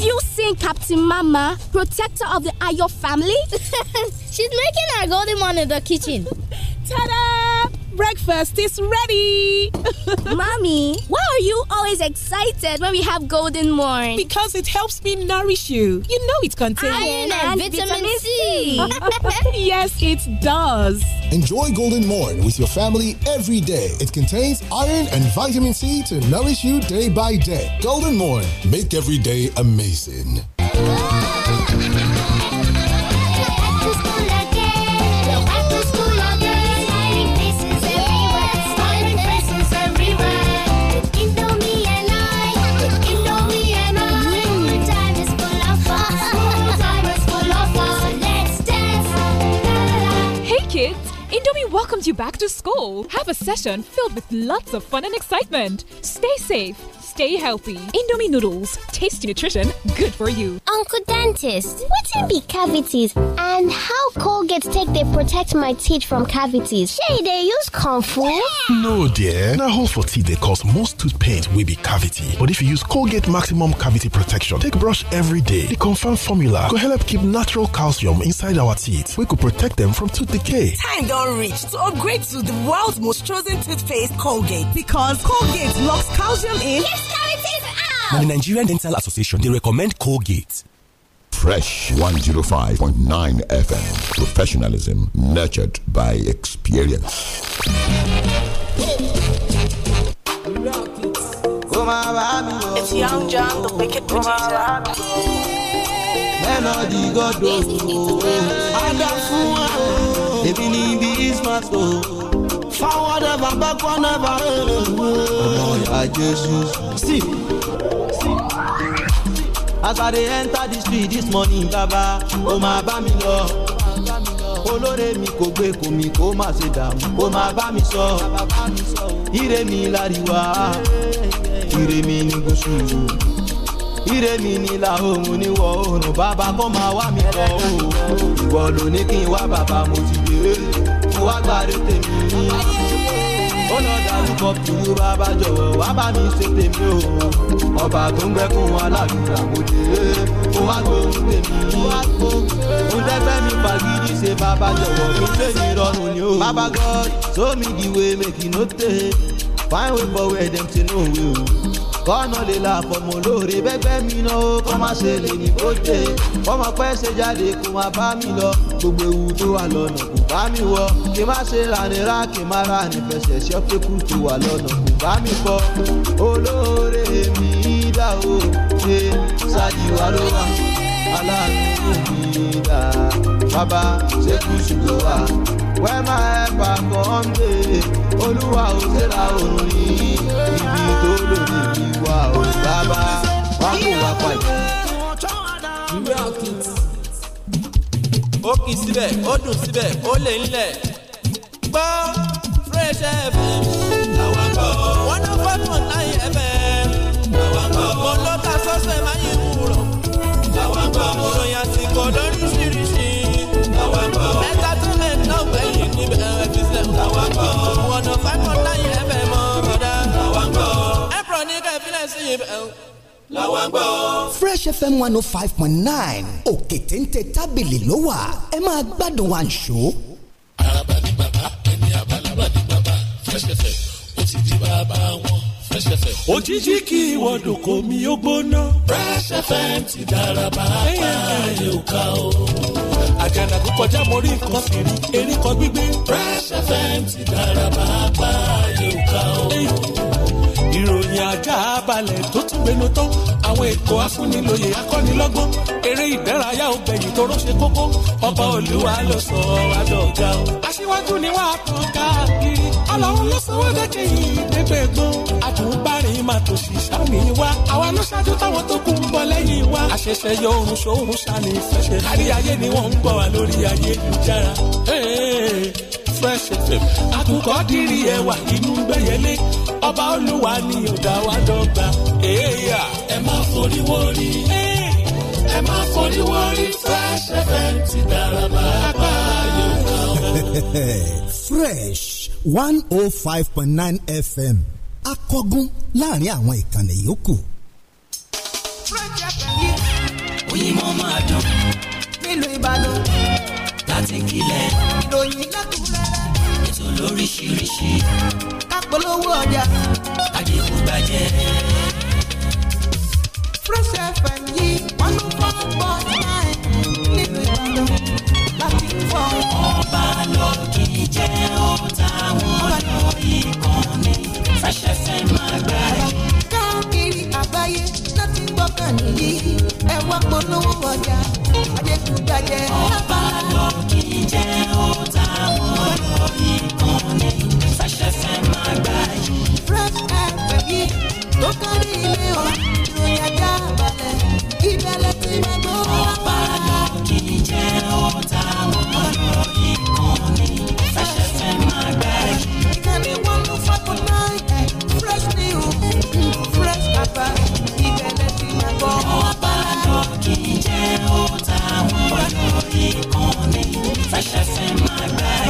Have you seen Captain Mama, protector of the Ayo family? She's making our golden one in the kitchen. Ta-da! breakfast is ready. Mommy, why are you always excited when we have Golden Morn? Because it helps me nourish you. You know it contains iron and, and vitamin, vitamin C. C. yes, it does. Enjoy Golden Morn with your family every day. It contains iron and vitamin C to nourish you day by day. Golden Morn, make every day amazing. Ah! back to school. Have a session filled with lots of fun and excitement. Stay safe, stay healthy. Indomie noodles, tasty nutrition, good for you. Uncle Dentist, what's in be cavities and how Colgate take they protect my teeth from cavities? Say they use comfort? No, dear. Now, hole for teeth they cause most tooth pain will be cavity. But if you use Colgate Maximum Cavity Protection, take brush every day. The confirmed formula could help keep natural calcium inside our teeth. We could protect them from tooth decay. Time don't reach to upgrade to the world's most chosen toothpaste, Colgate. Because Colgate locks calcium in. Yes the Nigerian Dental Association, they recommend Colgate. Fresh 105.9 FM. Professionalism nurtured by experience. It's Young John, the wicked producer. forward ever backward never. ọmọọyà jésù. see as i dey enter the street this morning baba o máa bá mi lọ olóore mi kò gbé kò mi kò má ṣe dààmú kò máa bá mi sọ ire mi láríwá ire mi ní gúúsù ire mi ní ìlà oòrùn níwọ̀ oòrùn bàbá kọ́ máa wá mi kọ́ o ìwọ ló ní kí n wá bàbá mo ti béèrè mo wá gbàdé tèmi. ó lọ dàrúkọ tìlú bàbá jọ̀wọ́ wá bá mi ṣe tèmi o. ọba tó ń gbẹ́kùn wọn aláàbíyà mo dé mo wá gbóhùn tèmi. mo dẹ́gbẹ́ mi fagídí ṣe bàbá jọ̀wọ́ mi ṣe ní ìrọ̀rùn ni o. bàbá God show me the way make e no tey find way for where dem say no way o kọ́nà lè la fọmọ olóore bẹ́gbẹ́ mi ná o kọ́ má ṣe lè ní bóde kọ́mọ pẹ́ ṣe jáde kó má bá mi lọ gbogbo ewu tó wà lọ́nà kò bá mi wọ kí má ṣe ranira kí má ra nífẹsẹ̀ ṣọ́pẹ́kù tó wà lọ́nà kò bá mi kọ olóore mi dá o ṣe ṣáàjìwá ló wà aláàánú mi dá bàbá ṣékù ṣùgbọ́n wà wẹ́ máa ẹ bá kàn án dé olúwa ò ṣe ra òrùn ní ibi tó lòdì mí wa o bàbá wa kò wá pàdé. ìwé àkìtì. ó kì í síbẹ̀ ó dùn síbẹ̀ ó lè ń lẹ̀. gbọ́ fresh fm. àwọn akọ. one oh five point nine fm. wá gbọ́. Fresh FM one oh five point nine òkè téńté tábìlì ló wà ẹ máa gbádùn àǹṣó. àràbà ní bàbá ẹni àbálàbà ní bàbá Fresh FM ó ti di bàbá wọn Fresh FM. òjijì kí ìwọ́dùn kò mí ó gbóná. Fresh FM ti dára bàbá ayé ò ká o àjànà kó kọjá mo rí nǹkan fìrí erí kan gbígbé. Fresh FM ti dára pàápàá yóò ká o. ìròyìn ajá balẹ̀ tó tún gbénu tán àwọn ètò afúnilòyè akọ́nilọ́gbọ́n eré ìdárayá obẹ̀yìn tó rọ́ṣẹ́ kókó ọba olúwa ló sọ adọ́gà o. aṣíwájú ni wàá tàn káàkiri ọlọ́run ló sanwó dẹ́kẹ́ yìí dẹ́gbẹ́ gbọ́n àtúbárin máa tò sí sámi wa àwa ló ṣáájú táwọn tó kù ń bọ̀ lẹ́yìn wa. àṣẹ̀ṣẹ̀ yọ oorun ṣòun ṣàní ìfẹsẹ̀ kárí ni wọ́n ń gbọ́ wa lórí ayélujára fresh fm àkùkọ dìrì ẹwà inú gbẹyẹlé ọba olúwa ni ó dá wa dọ́gba. ẹ má forí wọrí ẹ má forí wọrí fresh fm ti dára pàápàá yóò ká ọ. fresh one oh five point nine fm akọgun láàrin àwọn ìkànnì yòókù. fresh fm yìí oyinmọ́ máa dùn nílùú ìbàdàn àti kílẹ̀. ìròyìn lẹ́kùnrẹ́rẹ́. ètò lóríṣiríṣi. kápolówó ọjà. àdéhùn gbàjẹ́. Fresh FM yí one two four point nine nílùú Ìbàdàn láti fọ́. ọba lọ kì í jẹ́ ọ̀tá wọn lọ ìkànnì Fresh FM máa káàkiri àgbáyé bọ́kà nìyí ẹ wá polówó ọjà ajẹkùjàjẹ. ọba lọ kì í jẹ́ ọ̀tá wọn lọ ìkànnì ṣàṣẹfẹ́ máa gbà yìí. fresh air pẹ̀lú tó kárí ilé ọ ìròyìn ajá balẹ̀ ìbẹ̀lẹ̀ tí máa gbọ́. ọba lọ kì í jẹ́ ọ̀tá wọn lọ ìkànnì ṣàṣẹfẹ́ máa gbà yìí. ìkànnì one two oh five point nine fresh new fresh papa gbọ́. ọ̀bàdàn kì í jẹ́ ó ta àwọn ọ̀dọ́ ìkànnì Fresh máa ra ẹ̀.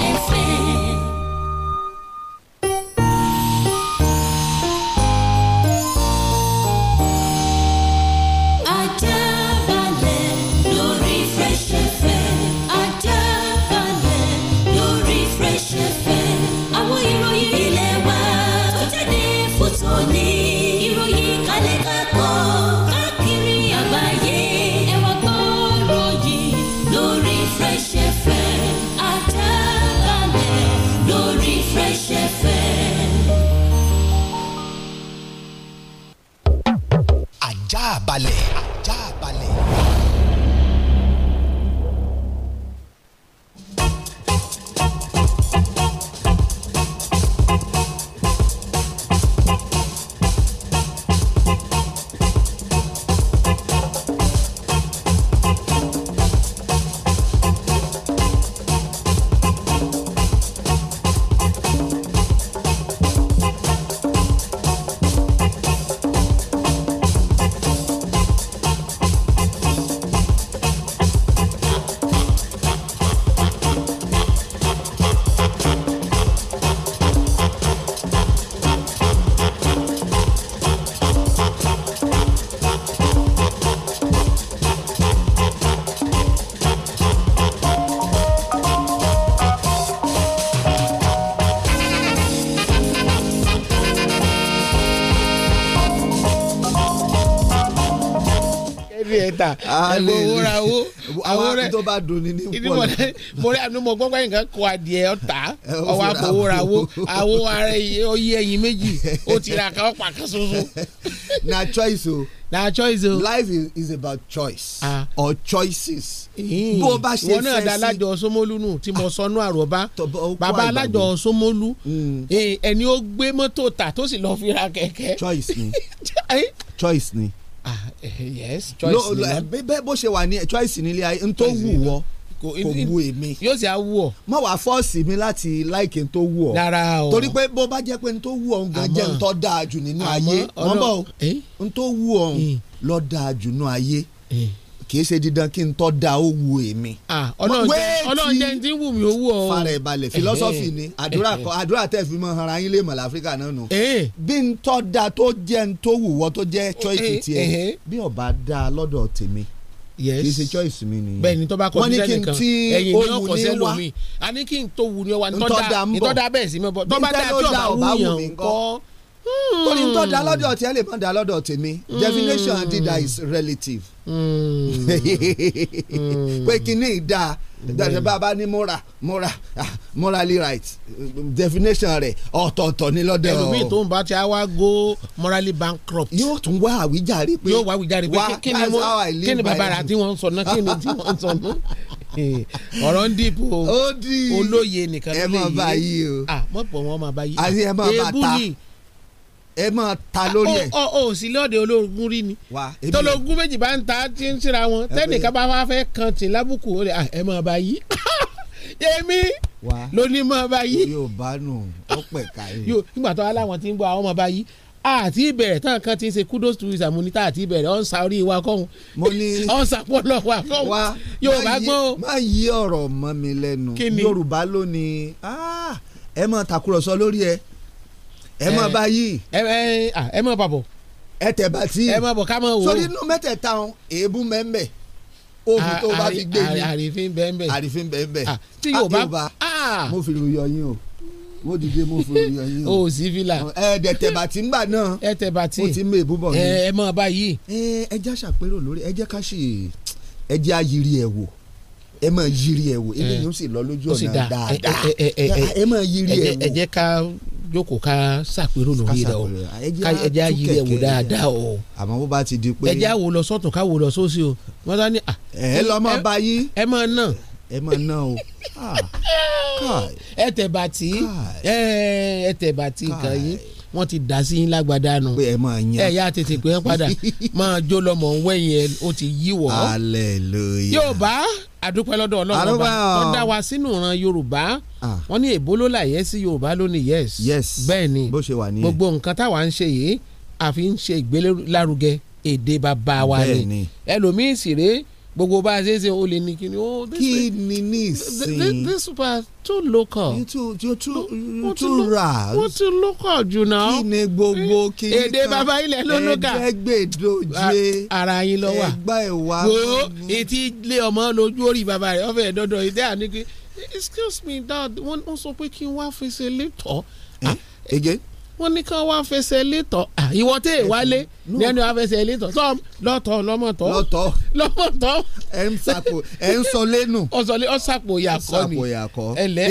mẹ́ta ẹ̀gbọ́n owó ra owó àwọn rẹ̀ tó bá dùn ní pọ̀ ní. mo rí àánú mọ gbọ́ngbọ́n nǹkan kọ adìẹ ọ̀tá ọwọ́ àfọwọ́ ra owó àwo ara oyè ẹyin méjì ó ti ra kan ọ̀pá kan ṣoṣo. na choice o. na choice o. life is, about choice ah. or choices. bó o bá ṣe fẹ́ sí. wọn náà da alájọ Ṣómólú tí mo ah. sọnù àròbá bàbá alájọ Ṣómólú hmm. ẹni ó gbé mọ́tò tà tó sì lọ́ọ́ fi ra kẹ̀kẹ́. choice ni choice ni ah eh, yes choice no, ni wọn. bẹ́ẹ̀ bó ṣe wà ní eh, choice nílé ayé n tó wù wọ́ kò wù èmi. yóò ṣe awù ọ. má wàá fọ́ọ̀sì mi láti láìkè n tó wù ọ. rárá o torí pé bó bá jẹ́ pé n tó wù ọ nǹkan jẹ́ n tó dáa jù nínú ayé wọ́n bọ̀ eh? n tó wù ọ lọ dáa jù nínú ayé kì í ṣe dídán kí n tọ́ da ó wu èmi. ọlọ́run jẹ́ ti ń wù mí owó ọ. fara ìbalẹ̀ philosophy ni àdúrà kọ àdúrà tẹ̀ fi mọ ara yín lè mọ̀ láfíríkà náà nù. bí n tọ́ da tó jẹ́ n tó wù wọ́ tó jẹ́ choice tiẹ̀ bí ọba da lọ́dọ̀ tèmi yes kì í ṣe choice mi nìyẹn bẹ́ẹ̀ni tó bá kọ sílẹ̀ nìkan ẹ̀yìn ní ọkọ sẹlẹ omi a ní kí n tó wù ní ọwà ntọ́da ntọ́da bẹ́ẹ̀ sí mi bọ tọ́ba dá tí ọba wù yàn kọ́ Hmm. torí ń tọ́ da lọ́dọ̀ tí ẹ lè má da lọ́dọ̀ tèmi hmm. definition dídá is relative hmm. pé kíní ìdá dàtẹ́ bàbá ní mora mora ah, morally right definition rẹ̀ ọ̀tọ̀ọ̀tọ̀ ní lọ́dọ̀ ẹ̀rù mi tó ń bá tí wá go morally bankrupt. yóò tún wá àwíjàre pé yóò wá àwíjàre pé kí ni bàbá rà tí wọ́n ń sọ náà kí ni tí wọ́n ń sọ náà eh, ọ̀rọ̀ ń dìbò olóye nìkan ló lè yé ẹ mọ̀ bá yí o ah, mọ̀ pọ̀ wọ́n máa bá yí. àti ẹ bá ta ẹ mọ ta lórí ẹ. ọ ọ sì lọ́ọ̀dẹ ológun rí ni tọ́lọ́gún méjì bá ń ta tí ń síra wọn tẹ́nìkan bá wá fẹ́ kan tì lábùkù ó lè ah, ẹ mọ̀ bá yí èmi lóní mọ̀ bá yí. yóò bá nù ó pẹ̀ ká yìí. yóò nígbà tó aláwọn ti ń bọ àwọn ọmọ bá yí àti ìbẹ̀rẹ̀ tán kan ti ṣe kudos to his amuni tá àti ìbẹ̀rẹ̀ ọ̀n sa orí wa kọ́hún ọ̀n sa pọ́lọ̀ wa kọ́hún yóò bá gbọ́n ah, ẹ mọ̀ tàkùrọ̀sọ lórí ẹ ẹ mọ báyìí. ẹ mọ bàbọ̀. ẹ tẹ̀ bá tí. ẹ mọ bọ̀ ká mọ wò. sórí inú mẹ́tẹ̀ẹ̀ta ọ̀hún èébú mẹ́mbẹ̀ ohun tó bá fi gbé ni àrífín bẹ́ẹ̀nbẹ́ àrífín bẹ́ẹ̀nbẹ́ tí yóò bá mo fi ru yọ yín o mo dìde mo fi ru yọ yín o. o sì fi la. ẹ dẹ̀ tẹ̀bà tí ń gbà náà ẹ tẹ̀bà tí mo ti mú èbú bọ̀ ni. ẹ mọ báyìí. ẹ jẹ́ àṣàpérò lórí ẹ jẹ́ ká ṣe ẹ jẹ́ àyírí ẹ wò ẹ máa yiri ẹ wò eléyìí ó sì lọ lójú ọ̀nà dáadáa ẹ máa yiri ẹ wò. ẹ jẹ́ ká Joko ka ṣàpérò lórí rẹ o ẹjẹ ayé rẹ wò dáadáa o. àmọ́ bó bá ti di pé. ẹjẹ àwò lọ sọ́tún káwò lọ sósì o wọ́n sá ní. ẹ lọ mọ bá yí. ẹ mọ náà. ẹ mọ náà o. Ah, ẹ tẹ̀ bàtí ẹ tẹ̀ bàtí kan yìí wọ́n ti dà sí yín lágbádá nu ẹ yá tètè pé ẹ padà máa jó lọmọ wẹ̀yìn ẹ ti yí wọ́. hallelujah. yóò bá adúpẹ́ lọ́dọ̀ ọlọ́run ọba tó ah. dá wa sínú ìran yorùbá ah. wọ́n ní èbó ló sí yorùbá ló yes bẹ́ẹ̀ ni gbogbo nǹkan táwa ń ṣe yìí àfi ń ṣe ìgbélárugẹ èdè bàbá wa ni ẹlòmíín sì rèé gbogbo bá a ṣe ṣe o lè ní oh, kí ni ní ìsìn. this was too local. too you too you too ra. o too local jù náà. kí ni gbogbo kí ni kan èdè bàbá ilẹ̀ ló lóga. ẹgbẹ́gbẹ́dọ̀jẹ́ ara yín lọ wà. ẹgbà ẹ̀wà. wo etí ilé ọmọ lójú orí bàbá rẹ̀ ọ̀fẹ́ dọ́dọ̀ ìdí àníkí excuse me dad wọ́n sọ pé kí n wá fi ṣe létọ́. Ah, again wọ́n ní kí wọ́n wá fẹsẹ̀ létọ̀ ìwọ tẹ́ ẹ̀ wálé ní ẹni wá fẹsẹ̀ létọ̀ tọ́ lọ́tọ̀ lọ́mọ̀tọ́ lọ́mọ̀tọ́. ẹ ń sàpò ẹ ń sọ lẹ́nu. ọ̀sọ̀lẹ̀ ọ̀sàpò yàkọ́ ni ẹ̀lẹ́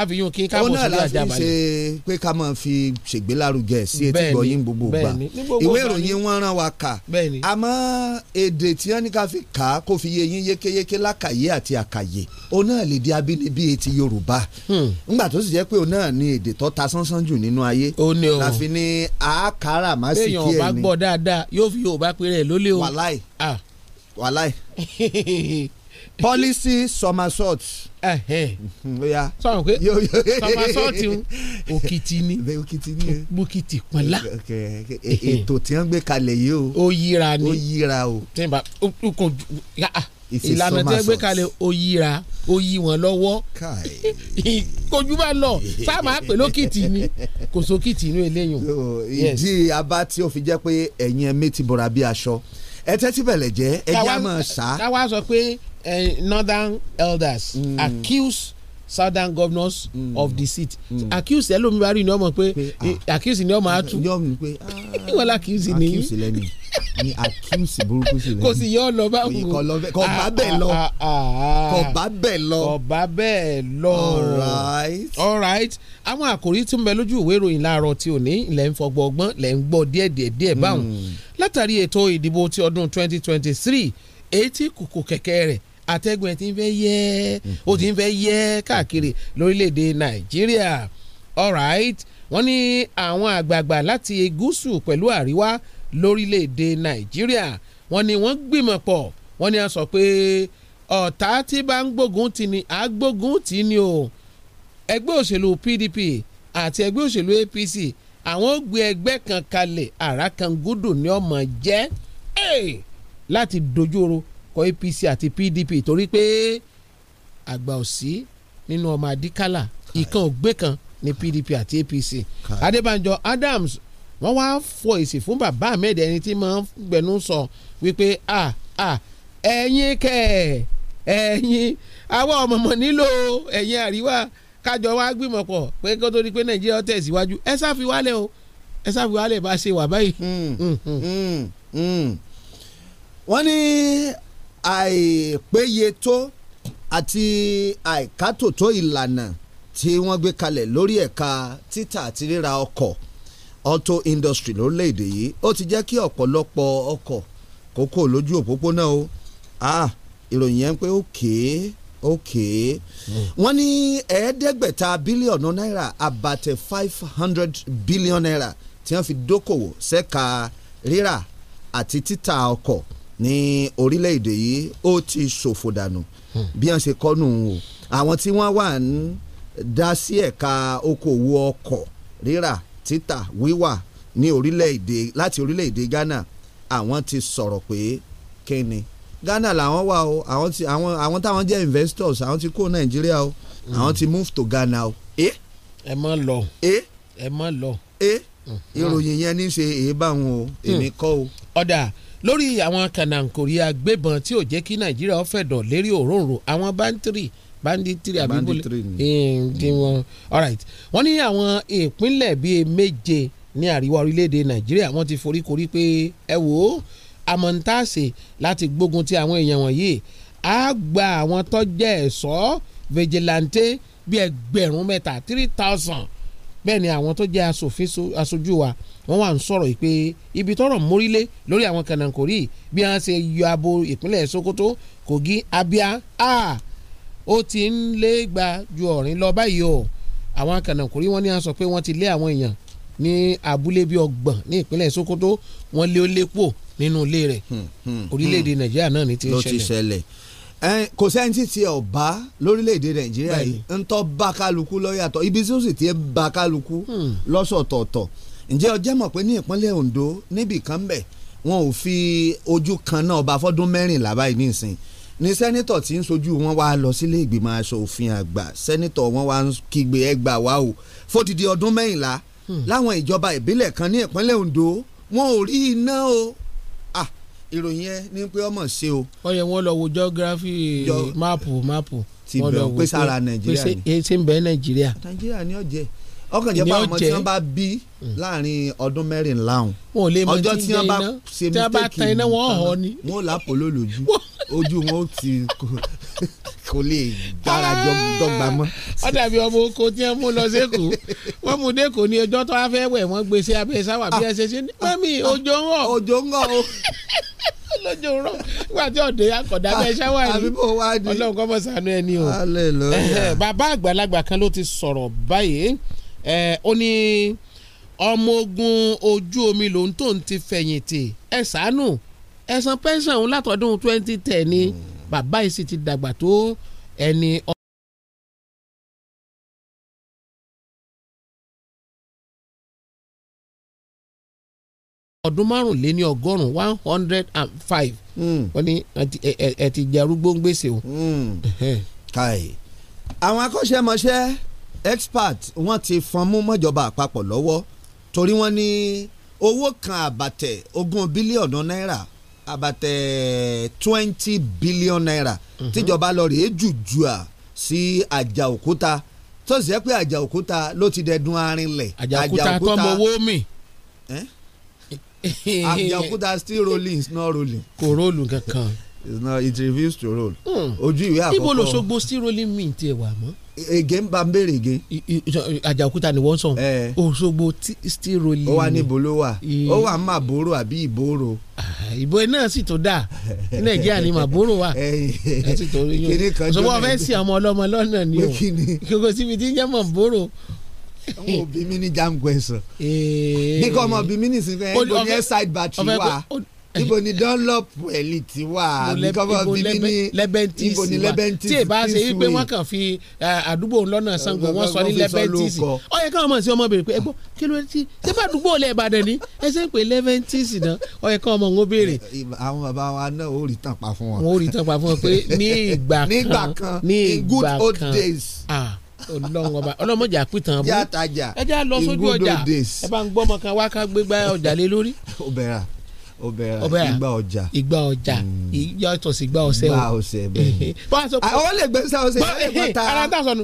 àfihàn kí káàbọ̀ sórí àjàbálẹ̀. ó náà láti ṣe pé ká máa fi ṣègbélárugẹ sí etí gbọ̀yìn gbogbo gbà ìwé ìròyìn wọn rán wa kà àmọ́ èdè tí wọ́n ní ká fi kà á kó fi yé yín yékéyéké lákàyé àti àkàyè òun náà lè di abínibí etí Yorùbá hmm. ńgbà tó sì jẹ́ pé òun náà ní èdè tó ta sánsán jù nínú ayé. ó ní o la ní àákàrà má sì kí ẹ ní. béèyàn bá gbọ́ dáadáa yóò fi Yorùbá pé rẹ̀ lólè o. wàláì wàláì policy somersault. Mhm, sọ̀rọ̀ pé somersault òkìtì ni bukiti pọ̀nlá. E-, ètò tí wọ́n gbé kalẹ̀ yìí o. ó yíra ni ó yíra o. tí n bá kò ah ìlànà tí wọ́n gbé kalẹ̀ ó yíra ó yí wọn lọ́wọ́ kojú bá lọ sáà pè lókìtì ni kò sókìtì inú eléyìn. ìdí abá tí ó fi jẹ́ pé ẹ̀yin ẹ̀mí ti bọ̀ra bí aṣọ ẹ tẹ́tí bẹ̀lẹ̀ jẹ́ ẹ jẹ́ ṣá. káwá sọ pé eh, northern elders mm. accuse southern governors mm. of the seat mm. accuse ẹlòmíì wárí ni ọmọ pé eh, ah, accuse ni ọmọ atu ah, ìwọ la accuse ni accuse lẹni ni accuse burúkú sí lẹni kò sì yọ lọ bá wù ah, kò bá bẹ́ẹ̀ lọ kò bá bẹ́ẹ̀ lọ kò bá bẹ́ẹ̀ lọ all right àwọn àkòrí tí ń bẹ lójú ìwé ìròyìn láàárọ̀ tí ò ní ilẹ̀ ń fọgbọ́ ọgbọ́n lẹ̀ ń gbọ́ díẹ̀ díẹ̀ díẹ̀ báwọn hmm. látàrí ètò ìdìbò ti ọdún twenty twenty three èyí tí kòkò kẹ̀kẹ́ rẹ̀ atẹ́gùn ẹ̀ ti ń fẹ́ yẹ́ mhm. ó ti ń fẹ́ yẹ́ káàkiri lórílẹ̀‐èdè nàìjíríà alright wọ́n ní àwọn àgbààgbà láti gúúsù pẹ̀lú àríwá lórílẹ̀‐èdè nàìjíríà wọ́n ní wọ́n gbìmọ̀ pọ̀ wọ́n ní a sọ pé ọ̀tá tí bá ń gbógun tì ní agbógun tì ní o ẹgbẹ́ òṣèlú PDP àti ẹgbẹ́ òṣèlú APC àwọn ó ẹgbẹ́ kan kalẹ̀ àràkàngúdù ní ọmọ jẹ́ láti dojúro kọ APC àti PDP torí pé àgbà òsí nínú ọmọ àdíkálà ìkan ògbé kan ní PDP àti APC Adébánjọ Adams wọ́n wá fọ èsì fún bàbá Ahmed ẹni tí máa ń gbẹ̀nú sọ wípé a a ẹ̀yin kẹ ẹ̀yin àwa ọ̀mọ̀mọ̀ nílò ẹ̀yin àríwá kájọ wá gbìmọ̀ pọ̀ pé kó tó di pé Nàìjíríà tẹ̀síwájú ẹ sáfi wálẹ̀ o ẹ sáfi wálẹ̀ bá ṣe wà báyìí. Hmm, hmm, hmm, wọ́n ní àìpéye tó àti àìkátòtó ìlànà tí wọ́n gbé kalẹ̀ lórí ẹ̀ka títà àti ríra ọkọ̀ auto industry lórílẹ̀‐èdè yìí ó ti jẹ́ kí ọ̀pọ̀lọpọ̀ ọkọ̀ kókó lójú òpópónà o ah ìròyìn yẹn pé ó kéé ó kéé wọ́n ní ẹ̀ẹ́dẹ́gbẹ̀ta bílíọ̀nù náírà abatẹ five hundred billion naira tí wọ́n fi dókòwò ṣẹ́ka rírà àti títà ọkọ̀ ní orílẹ̀-èdè yìí ó ti ṣòfò dànù hmm. bí wọ́n ṣe kọ́ nù o àwọn tí wọ́n wà ń dá sí ẹ̀ka okòwò ọkọ̀ rírà títà wíwà ní orílẹ̀-èdè láti orílẹ̀-èdè Ghana àwọn ti sọ̀rọ̀ pé kíni Ghana làwọn wà o àwọn ti àwọn àwọn táwọn jẹ́ investors àwọn ti kó Nàìjíríà o hmm. àwọn ti move to Ghana o. ẹ ẹ má lọ ẹ má lọ. ẹ hmm. ìròyìn yẹn ní í ṣe èébà wọn o èmi kọ́ o. ọ̀dà lórí àwọn kànáńkòrí agbébọn tí ò jẹ́ kí nàìjíríà ó fẹ̀dọ̀ lérí òróǹro àwọn báńtírì banditiri abibule tiwọn eh, hmm. alright wọ́n ní àwọn ìpínlẹ̀ bíi méje ní àríwá orílẹ̀-èdè nàìjíríà wọ́n ti forí korí pé ẹ wò ó amọ̀ntàṣe láti gbógun ti àwọn èèyàn wọ̀nyí á gba àwọn tó jẹ́ ẹ̀ṣọ́ vigilante bíi ẹgbẹ̀rún mẹ́ta three thousand bẹ́ẹ̀ ni àwọn tó jẹ́ asòfin aṣojú wa wọ́n wà ń sọ̀rọ̀ yìí pé ibi tọ́rọ̀ mórílé lórí àwọn kànáńkórì bí wọ́n ṣe yọ abo ìpínlẹ̀ Sokoto Kogi Abia a ó ti ń lé gba ju ọ̀rìn lọ báyìí o àwọn kànáńkórì wọ́n ní à ń sọ pé wọ́n ti lé àwọn èèyàn ní abúlé bíi ọgbọ̀n ní ìpínlẹ̀ Sokoto wọ́n lé ó lépò nínú ilé rẹ̀ hmm, hmm, hmm. orílẹ̀-èdè Nàìjíríà náà ní ti ń ṣẹlẹ̀ kò sẹ́ni tí tiẹ̀ ọ̀bá lórílẹ̀‐èdè nàìjíríà yìí ń tọ́ bá kálukú lọ́yàtọ̀ ibi tí ó sì tiẹ̀ bá kálukú hmm. lọ́sọ̀tọ̀ọ̀tọ̀ ǹjẹ́ ọjẹ́ mọ̀ pé ní ìpínlẹ̀ Ondo níbì kan bẹ̀ wọn ò fi ojú kan náà ọba fọ́dún mẹ́rìnlá báyìí nísìn ni sẹ́nitọ̀ tí ń sojú wọn wá lọ sílé ìgbìmọ̀ asòfin àgbà sẹ́nitọ̀ wọn wá ń kígbe ẹgbà wá o fódìdí ọdún mẹ́rìnlá hmm. láwọn ìjọba ìbílẹ̀ kan ní ìpínlẹ̀ Ondo wọn ò rí iná o ìròyìn yẹn ni pé ọmọ ṣe o. wọ́n yẹ wọ́n lọ wo geography máàpù máàpù. ti bẹ̀ pé sára nàìjíríà ni. pé ṣe ń bẹ nàìjíríà. nàìjíríà ni ó jẹ́ ọkàn jẹ́ pé àwọn tí wọ́n bá bí mm. láàrin ọdún mẹ́rìnlá ọ̀hún ọjọ́ tí wọ́n bá ṣe mistake tí wọ́n bá tan iná wọ́n hàn ni. wọ́n làpọ̀ lójú ojú wọn ó ti kò lè bára jọ dọ́gba mọ́. Ah, wọ́n dàbí ọmọ oko tí wọ́n mú lọ sẹ́kù wọ́n mú dẹ́kọ̀ ní ọjọ́ tó wá fẹ́ wẹ̀ wọ́n gbé sí abẹ́ sáwà bí ẹ ṣe ṣe ní mami ah, ah, òjò ń rọ̀. òjò ń rọ̀ o. lójó rọ̀ nígbà tí ọ̀dẹ́ akọ̀dá bẹ́ẹ̀ ṣáwà yìí ọlọ́run kọ́ mọ̀ sànú ẹni o. bàbá àgbàlagbà kan ló ti sọ̀rọ̀ báyìí ó ní ọmọ ogun ojú omi lòun tó ń ti fẹ̀yìntì ẹ ṣàánú ẹ̀sán pẹ́sàn òun látọ̀dún twenty ten ni. Mm bàbá yìí sì ti dàgbà tó ẹni ọ. ọdún márùnléní ọgọ́rùn-ún one hundred and five hmm. wọ́n ní ẹ ti jẹ arúgbó ń gbèsè o. Hmm. káì àwọn akọ́ṣẹ́mọṣẹ́ expert wọ́n ti fọn mú mọ́jọba àpapọ̀ lọ́wọ́ torí wọ́n ní owó kan àbàtẹ̀ ogún bílíọ̀nù náírà About eh, twenty billion naira mhm. tíjọba lọ rèé jùjùà sí àjà òkúta tó sì jẹ́ pé àjà òkúta ló ti dẹ̀dùn arinlẹ̀ àjà òkúta tó owó mi. àjà òkúta still rolling it's not rolling. kò róòlù kankan. it's not it refuses to roll. Hmm. ojú ìwé àkọ́kọ́ ibo lòṣogbo still rolling mint ẹ̀ wà mọ́ ègé ń bá ń béèrè ègé. àjàòkúta ni wọ́n sàn. Òṣogbo still rolling. ó wà níbo ló wà ó wà ń màbóró àbí ìbóró. ìbò náà sì tó dáa ní nàìjíríà ni màbóró wà. òṣogbo fẹ́ sí ọmọ ọlọ́mọ lọ́nà ni o kókó síbi tí ń jẹ́ màbóró wọn ò bí mi ní jam question. bí kò ọmọ bí mi ní sinfẹ́ ẹ̀ ń ní ẹ̀ side battery wa níbo ni dunlop elite wà àbí kọ́kọ́ fi ní lebentis wà tí èbá ṣe wípé wọ́n kàn fi àdúgbò lọ́nà Ṣàngó wọ́n sọ ní lebentis ó yẹ káwọn mọ̀ sí ọmọ pé ẹgbọ́n kí ló ti ṣé bá àdúgbò lẹ̀ Ìbàdàn ni ẹ ṣe ń pè lebentis náà ó yẹ káwọn ọmọ wọn béèrè. àwọn bàbá wa náà ó rí tàn pa fún wọn. wọn ó rí tàn pa fún wọn pé ní ìgbà kan ní ìgbà kan in good old days ọlọ́run ọba sójú ọjà ẹ bá ń gbọ́mọ kan wá ká gbégbá ọjà lé lórí ọbẹ̀ ìgbà ọjà ìgbà ọjà hmm. yàtọ̀ sí ìgbà ọsẹ o ìgbà ọsẹ bẹ́ẹ̀ àwọn lè gbé sáwọ́ sẹ ẹ lè ta ara tá a sọnù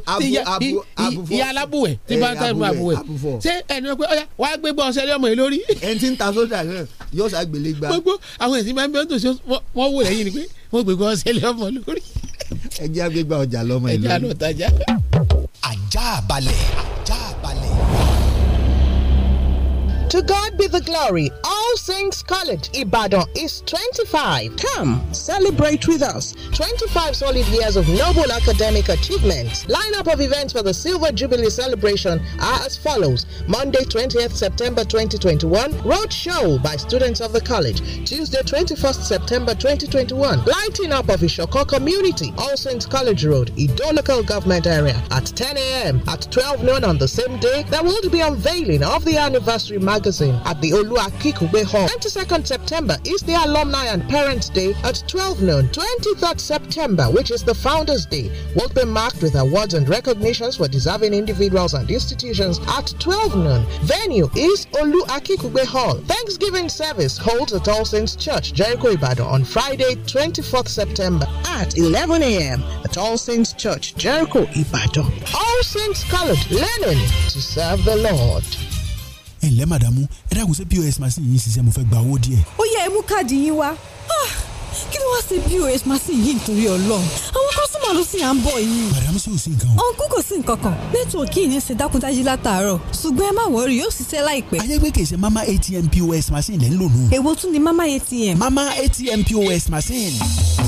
ìyá alábùwẹ̀ tí eh, bá ń tẹnu àbùwẹ̀ ṣé ẹni pé ọyà wàá gbé gbọ́ ọsẹ lọ́mọ yìí lórí. ẹni tí ń ta sódà náà yóò sá gbélé gbà. gbogbo àwọn èsì máa ń bẹ ọ́n tó ṣe wọ́n wò lẹ́yìn ni pé wọ́n gbé gbọ́ ọsẹ lọ́mọ lórí. ẹ jẹ́ àgbégbà ọjà lọ́mọ yìí lórí. ẹ jẹ́ àlọ́ To God be the glory. All Saints College, Ibadan is 25. Come, celebrate with us. 25 solid years of noble academic achievements. Lineup of events for the Silver Jubilee celebration are as follows. Monday, 20th September 2021, road show by students of the college. Tuesday, 21st September 2021, lighting up of Ishoko community, All Saints College Road, Ido local government area at 10 a.m. At 12 noon on the same day, there will be unveiling of the anniversary magazine at the Olua Kikube Hall. 22nd September is the Alumni and Parents Day at 12 noon. 23rd September, which is the Founders Day, will be marked with awards and recognitions for deserving individuals and institutions at 12 noon. Venue is Olu Akikube Hall. Thanksgiving service holds at All Saints Church, Jericho Ibato on Friday, 24th September at 11 a.m. at All Saints Church, Jericho Ibato. All Saints College, learning to serve the Lord. ẹ ǹlẹ́ màdàmú ẹ dákun ṣé pos machine yìí ń ṣiṣẹ́ mo fẹ́ gba owó díẹ̀. ó yẹ ẹ káàdì yín wá. Ah kí ló wá ṣe pos machine yìí nítorí ọlọ́run àwọn kọ́sùmọ̀ ló sì à ń bọ̀ yìí. madam sì ò sí nǹkan o. ọ̀nkú kò sí nǹkan kan nẹ́tíwọ̀kì yìí ń ṣe dákúndájí látàárọ̀ ṣùgbọ́n ẹ má wọrí yóò ṣiṣẹ́ láìpẹ́. ayégbé kì í ṣe mama atm pos machine lẹ́ ń lò nù. èwo tún ni mama atm. mama atm pos machine.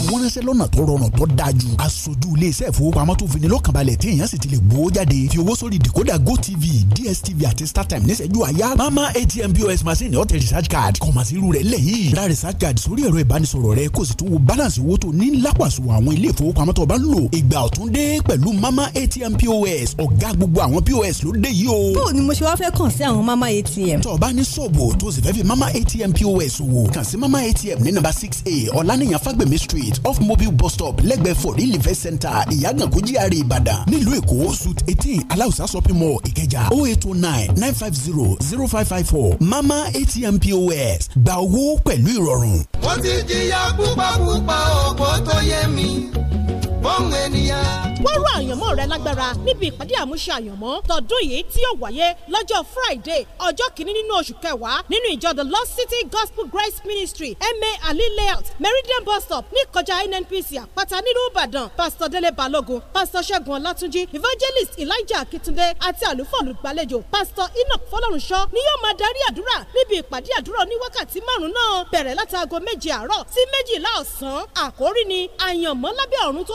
wọ́n ránṣẹ́ lọ́nà tó rọrùn tó dáa ju. aṣojú iléeṣẹ́ ìfowópamọ́ tó fi ní lọ́kànbalẹ̀ tí èèyàn sì ti lè gbowó jáde fi owó sórí decoder gotv dstv àti startime níṣẹ́jú àyà. mama atm pos machine ọ̀tẹ̀ research card kọ̀mọ̀sí irú rẹ̀ lẹ́yìn. ra research card sórí ẹ̀rọ ìbánisọ̀rọ̀ rẹ kò sì tún wo balance owó tó ní lápàṣù àwọn ilé ìfowópamọ́ tó bá ń lò ìgbà ọ̀tun dé pẹ̀lú mama atm pos ọ̀gá gbogbo àwọn pos ló dé yìí o. bó o ni mo ṣe wá fẹ́ kàn sí àwọn mama atm. tó o bá ní ṣọ́ọ̀bù tó sì fẹ́ fi mama atm pos wò kàn sí mama atm ní nàmbà six a ọ̀lànìyàn fagbemi street off mobile bus stop lẹ́gbẹ̀ẹ́ for real event center ìyàgànkó GRA e ìbàdàn nílùú èkó suit eighteen aláùsá shopping mall ìkẹjà oh eight two oh nine nine five zero zero five five four mama atm pos gba owó pẹ̀lú ìrọ̀rùn. wọ́n ti jìyà kú pupa pupa ọ̀pọ̀ tó yé mi fóun ènìyàn. wọ́rọ̀ àyànmọ́ rẹ lágbára níbi ìpàdé àmúṣe àyànmọ́ tọdún yìí tí yóò wáyé lọ́jọ́ Friday ọjọ́ kìíní nínú oṣù kẹwàá nínú ìjọ the Lost City Gospel Grace Ministry ma ali layout Meridian bus stop níkọjá NNPC àpáta nílùú Ìbàdàn Pastor Dele Balogun Pastor Ṣẹ́gun Ọlátúnjí Evangelist Elijah Akitunde àti àlùfọ́ olùgbàlejò Pastor Enoch Fọlọ́runṣọ́ ni yóò máa darí àdúrà níbi ìpàdé àdúrà ní wákàtí márùn-ún náà bẹ̀rẹ̀ láti aago méje àárọ̀ sí méjìlá ọ̀sán àkórí ni àyànmọ́ lábẹ́ ọ̀run tó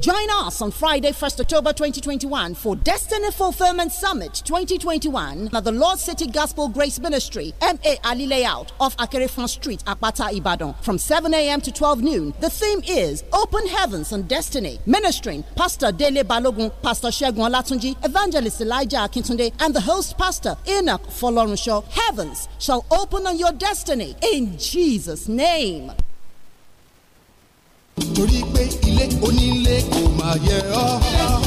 Join us on Friday, 1st October 2021 for Destiny Fulfillment Summit 2021 at the Lord City Gospel Grace Ministry, MA Ali Layout off Akerefon Street, Apata, Ibadan from 7 a.m. to 12 noon. The theme is Open Heavens and Destiny. Ministering Pastor Dele Balogun, Pastor Shegun Latunji, Evangelist Elijah Akintunde, and the host pastor Enoch Folorunshaw. Heavens shall open on your destiny in Jesus' name. torí pé ilé onílé kò máa yẹ ọ́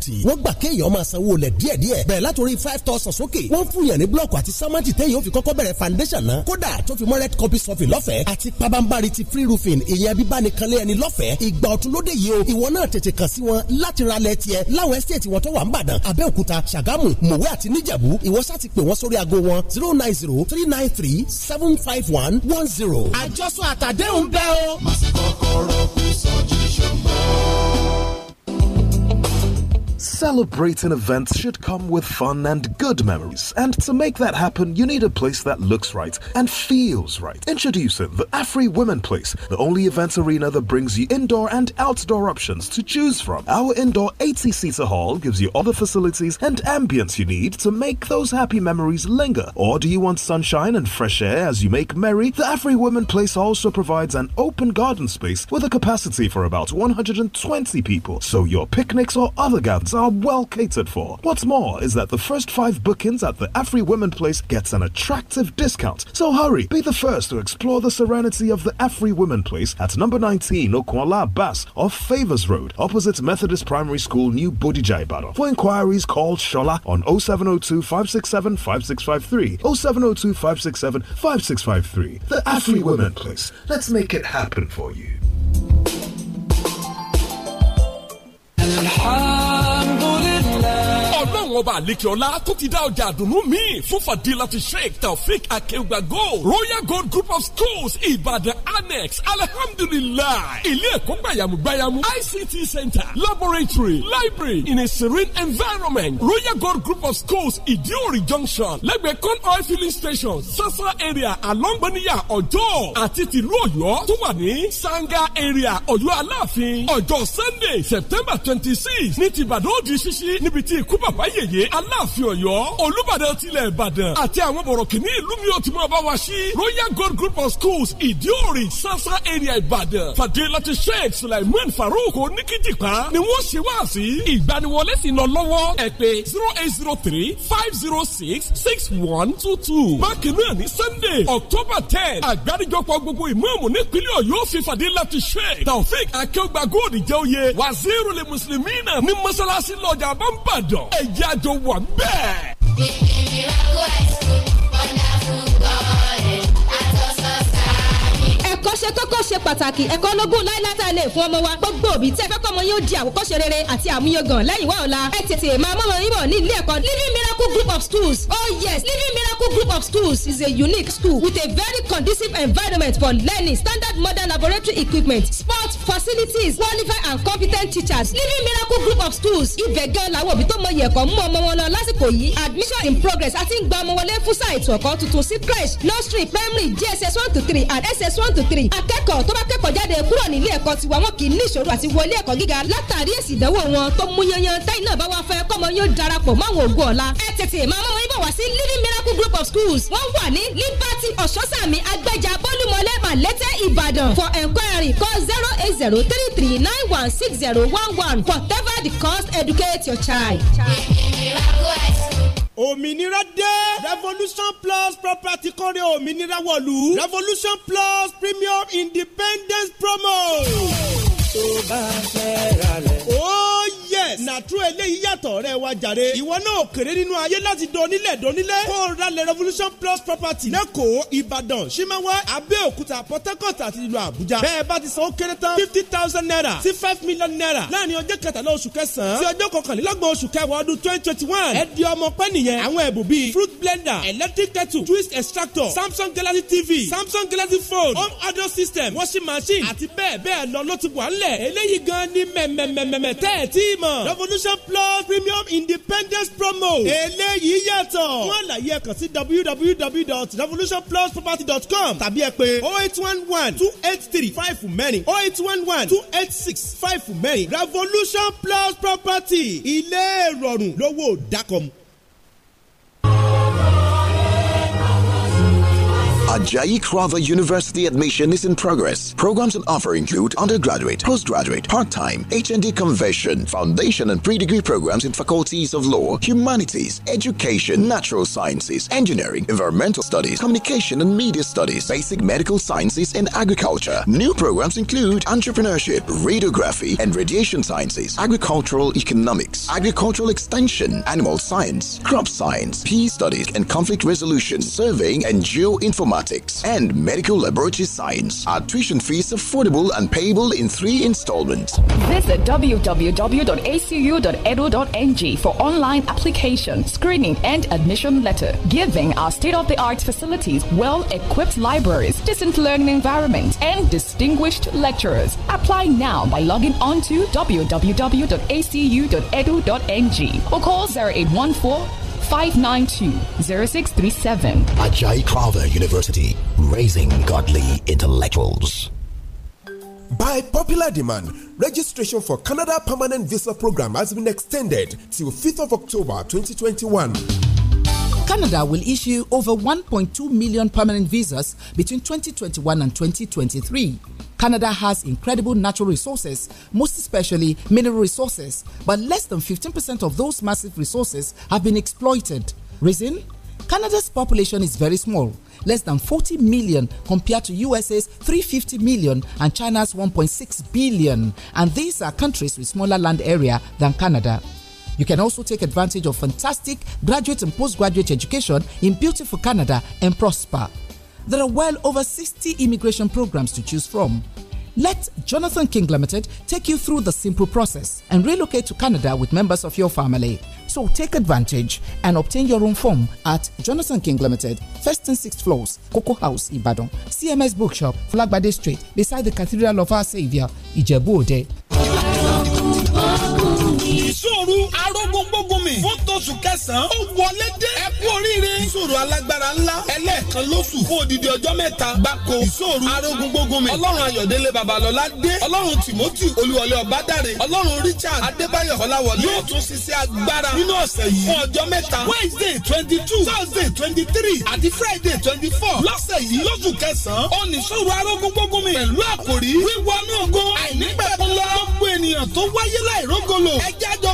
property wọ́n gbà kéèyàn máa sanwó lẹ̀ díẹ̀díẹ̀ bẹ̀rẹ̀ látòrí five thousand sókè wọ́n fún yàn ní blọọkù àti sámẹ́ǹtì téèyàn ó fi kọ́kọ́ bẹ̀rẹ̀ foundation náà kódà tó fi mọ́ red copy sọ́fìn lọ́fẹ̀ẹ́ àti pabambari ti free roofing ìyẹn bíbá ni kanlé ẹni lọ́fẹ̀ẹ́ ìgbà ọ̀tún lóde yìí o ìwọ náà tètè kàn sí wọn láti ra lẹ̀ tiẹ̀ láwọn estate wọn tó wà ń bàdàn abẹ́òkúta ṣàgámù mọ̀wé àti níjẹ̀bú ìwọ sá ti pè wọ́n sórí aago wọn zero nine zero three nine three seven five one one zero. àjọsọ àtàdéhùn bẹ́ẹ̀ o. màsí kọ́kọ́rọ́ kù sọ́jí ṣùgbọ́n. Celebrating events should come with fun and good memories, and to make that happen, you need a place that looks right and feels right. Introducing the Afri Women Place, the only event arena that brings you indoor and outdoor options to choose from. Our indoor 80 seater hall gives you all the facilities and ambience you need to make those happy memories linger. Or do you want sunshine and fresh air as you make merry? The Afri Women Place also provides an open garden space with a capacity for about 120 people, so your picnics or other gatherings needs are well catered for. What's more is that the first five bookings at the Afri Women Place gets an attractive discount. So hurry, be the first to explore the serenity of the Afri Women Place at number 19 Okwala Bass off Favors Road, opposite Methodist Primary School, New Bodija, Ibadan. For inquiries, call Shola on 0702 567 5653, 0702 567 5653. The Afri Women Place. Let's make it happen for you. الحمد لله ọlọ́run ọba àlekèọ́lá tó ti dá ọjà àdùnnú míì fún fàdílà ti sheik taofik akéwùgbà gold royal gold group of schools ìbàdàn annex alihamdulilayi ilé ẹ̀kọ́ gbayamu gbayamu ict center laboratory library in a serene environment royal gold group of schools idiori junction lẹ́gbẹ̀ẹ́ con oil filling station sasa area alongbaniya ọjọ́ àti tìlú ọ̀yọ́ tó wà ní sanga area ọ̀yọ́ aláàfin ọjọ́ sunday september twenty six ní tìbàdàn ó di ṣíṣí níbi tí ìkúbà àbáyèyé aláàfin ọ̀yọ́ olùbàdàn tilẹ̀ ìbàdàn àti àwọn bọ̀rọ̀kìnní ìlú mi ò ti máa bá wa sí royal god group of schools ìdíòrè sasa area ìbàdàn fàdélàtì sheikh sulaiman farouk oníkìjìpá ni wọ́n ṣe wá sí. ìgbaniwọlé sì lọ lọ́wọ́ ẹ pè zero eight zero three five zero six six one two two. bákan náà ní sunday october ten àgbáríjọpọ̀ gbogbo ìmáàmù nípínlẹ̀ ọ̀yọ́ fi fàdélàtì sheikh taofik akéwàgbà gold jẹ́ oyè wazirul muslimina ní mọ́sálásí lọ́jà àbámbàdàn ẹ̀yà jọ wà bẹ́ẹ̀. ẹ̀kọ́ ṣe kókó ṣe pàtàkì ẹ̀kọ́ lógún láíláí tá a lè fún ọmọ wa gbogbo òbí tí ẹ yóò di àwòkọ́ṣe rere àti àmúyangàn lẹ́yìn wá ọ̀la ẹ tètè máa mọ́ yín bọ̀ ní ilé ẹ̀kọ́ living miracle group of schools oh yes living miracle group of schools is a unique school with a very conducive environment for learning standard modern laboratory equipment sports facilities qualified and competent teachers living miracle group of schools ibẹ̀ gan làwọn òbí tó mọyì ẹ̀kọ́ mú ọmọ wọn lọ lásìkò yìí admission in progress àti ń gba ọmọ wọlé fún sáà ètò tuntun sí creche nursery primary jss one to three and ss one to three. akẹ́kọ̀ọ́ tó bá kẹ́kọ̀ọ́ jáde kúrò nílé ẹ̀kọ́ tiwa wọn kì í ní ìṣòro àti wọlé ẹ̀kọ́ gíga látàrí èsì ìdánwò wọn tó mú yanyan tẹ́yìn náà bá wá fẹ́ kọ́mọ yóò darapọ̀ máwọn ògo ọ̀la. ẹ tètè máa mọ́ wọn bọ̀ wá sí living miracle group of schools wọ́n wà ní liberty ososami agbẹ́jà bólúmọlé malete ìbàdàn for enquiry call zero eight zero three three nine one six zero one one whatever the cost educate your child òmìnira dé revolution plus property kọ́rẹ́ òmìnira wọ̀lú revolution plus premium independence promo. tó bá fẹ́ ra lẹ̀. ooo yes. na true eléyìí yàtọ̀ rẹ̀ wá jàre. ìwọ náà kéré nínú ayé láti dónílẹ̀ dónílẹ̀. kó o ra le revolution plus property. lẹ́kọ̀ọ́ ìbàdàn ṣímẹ́wá abẹ́òkúta port harcourt àti ìlú àbújá. bẹ́ẹ̀ bá ti san ó kéré tán fifty thousand naira sí five million naira. láàrin ọjọ́ kẹtàlá oṣù kẹsàn-án sí ọjọ́ kọkànlélọ́gbọ̀n oṣù kẹwàá ọdún twenty twenty one. ẹ di ọmọ pẹ́ nìyẹn. àwọn ẹ̀bùn bíi fruit blender electric kettle twist extractor samsung galaxy tv samsung galaxy phone home audio system washing machine àti bẹ́ẹ̀ bẹ́ẹ̀ lọ ló ti wà ńlẹ̀. eléyìí gan ni mẹ́mẹ́mẹ́mẹ́ tẹ́ ẹ̀ tí ì mọ̀ revolution. plus premium independence promo. eléyìí yàtọ̀. fún àlàyé ẹ kàn sí www.revolutionplusproperty.com tàbí ẹ pè oh eight one one two eight three five fún mẹ́rin oh eight one one two eight six five fún mẹ́rin revolution plus property ilé ìrọ̀rùn lówó dákọ̀mù. Ajayi Jaikrava University admission is in progress. Programs on offer include undergraduate, postgraduate, part-time, HND conversion, foundation and pre-degree programs in faculties of law, humanities, education, natural sciences, engineering, environmental studies, communication and media studies, basic medical sciences and agriculture. New programs include entrepreneurship, radiography and radiation sciences, agricultural economics, agricultural extension, animal science, crop science, peace studies and conflict resolution, surveying and geoinformatics, and medical laboratory science. Our tuition fees affordable and payable in three installments. Visit www.acu.edu.ng for online application, screening, and admission letter. Giving our state-of-the-art facilities, well-equipped libraries, decent learning environment, and distinguished lecturers. Apply now by logging on to www.acu.edu www.ajayitradio.co.ng or call 0814 592-0637. Ajay Crowther University, raising godly intellectuals. By popular demand, registration for Canada Permanent Visa Program has been extended till 5th of October 2021. Canada will issue over 1.2 million permanent visas between 2021 and 2023. Canada has incredible natural resources, most especially mineral resources, but less than 15% of those massive resources have been exploited. Reason? Canada's population is very small, less than 40 million compared to USA's 350 million and China's 1.6 billion, and these are countries with smaller land area than Canada. You can also take advantage of fantastic graduate and postgraduate education in beautiful Canada and prosper. There are well over 60 immigration programs to choose from. Let Jonathan King Limited take you through the simple process and relocate to Canada with members of your family. So take advantage and obtain your own form at Jonathan King Limited, first and sixth floors, Coco House, Ibadan, CMS Bookshop, Flagbade Street, beside the Cathedral of Our Savior, Ijebu Ode. sóòru arógúngbógunmi fún kẹsàn-án ó wọlé dé ẹ oríire ìṣòro alágbára ńlá ẹlẹ́ẹ̀kan lóṣù fún odidi ọjọ́ mẹ́ta gbáko ìṣòro arógúngbógunmi ọlọ́run ayọ̀délé babalọ́lá dé ọlọ́run timothy olúwọlé ọ̀bádàrẹ ọlọ́run richard adébáyọ̀ ọláwọlé yóò tún ṣiṣẹ́ agbára nínú ọ̀sẹ̀ yìí fún ọjọ́ mẹ́ta wednesday twenty two thursday twenty three àti friday twenty four lọ́sẹ̀ yìí lóṣù kẹsàn-án ó ní sóòru arógúngbógunmi pẹ̀lú àkòrí wíwọnú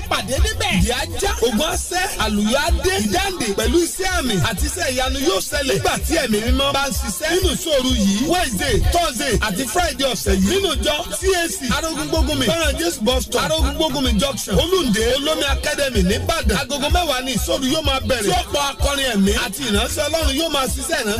tó pàdé níbẹ̀. ìyá já ògùn asẹ́ àlùyọ adé ìdáǹdè pẹ̀lú iṣẹ́ àmì àti iṣẹ́ ìyanu yóò ṣẹlẹ̀ nígbà tí ẹ̀mí mímọ́ bá ń ṣiṣẹ́ nínú ìṣòro yìí Wednesday Thursday àti Friday ọ̀sẹ̀ yìí nínú jọ CAC arógúngbógunmi fẹ́ràn Jésù bus stop arógúngbógunmi junction olùndé olómi academy nìbàdàn agogo mẹ́wàá ni ìṣòro yóò máa bẹ̀rẹ̀ tí ọ̀pọ̀ akọrin ẹ̀mí àti ìránṣẹ́ ọlọ́run yóò máa ṣiṣẹ́ ìránṣẹ́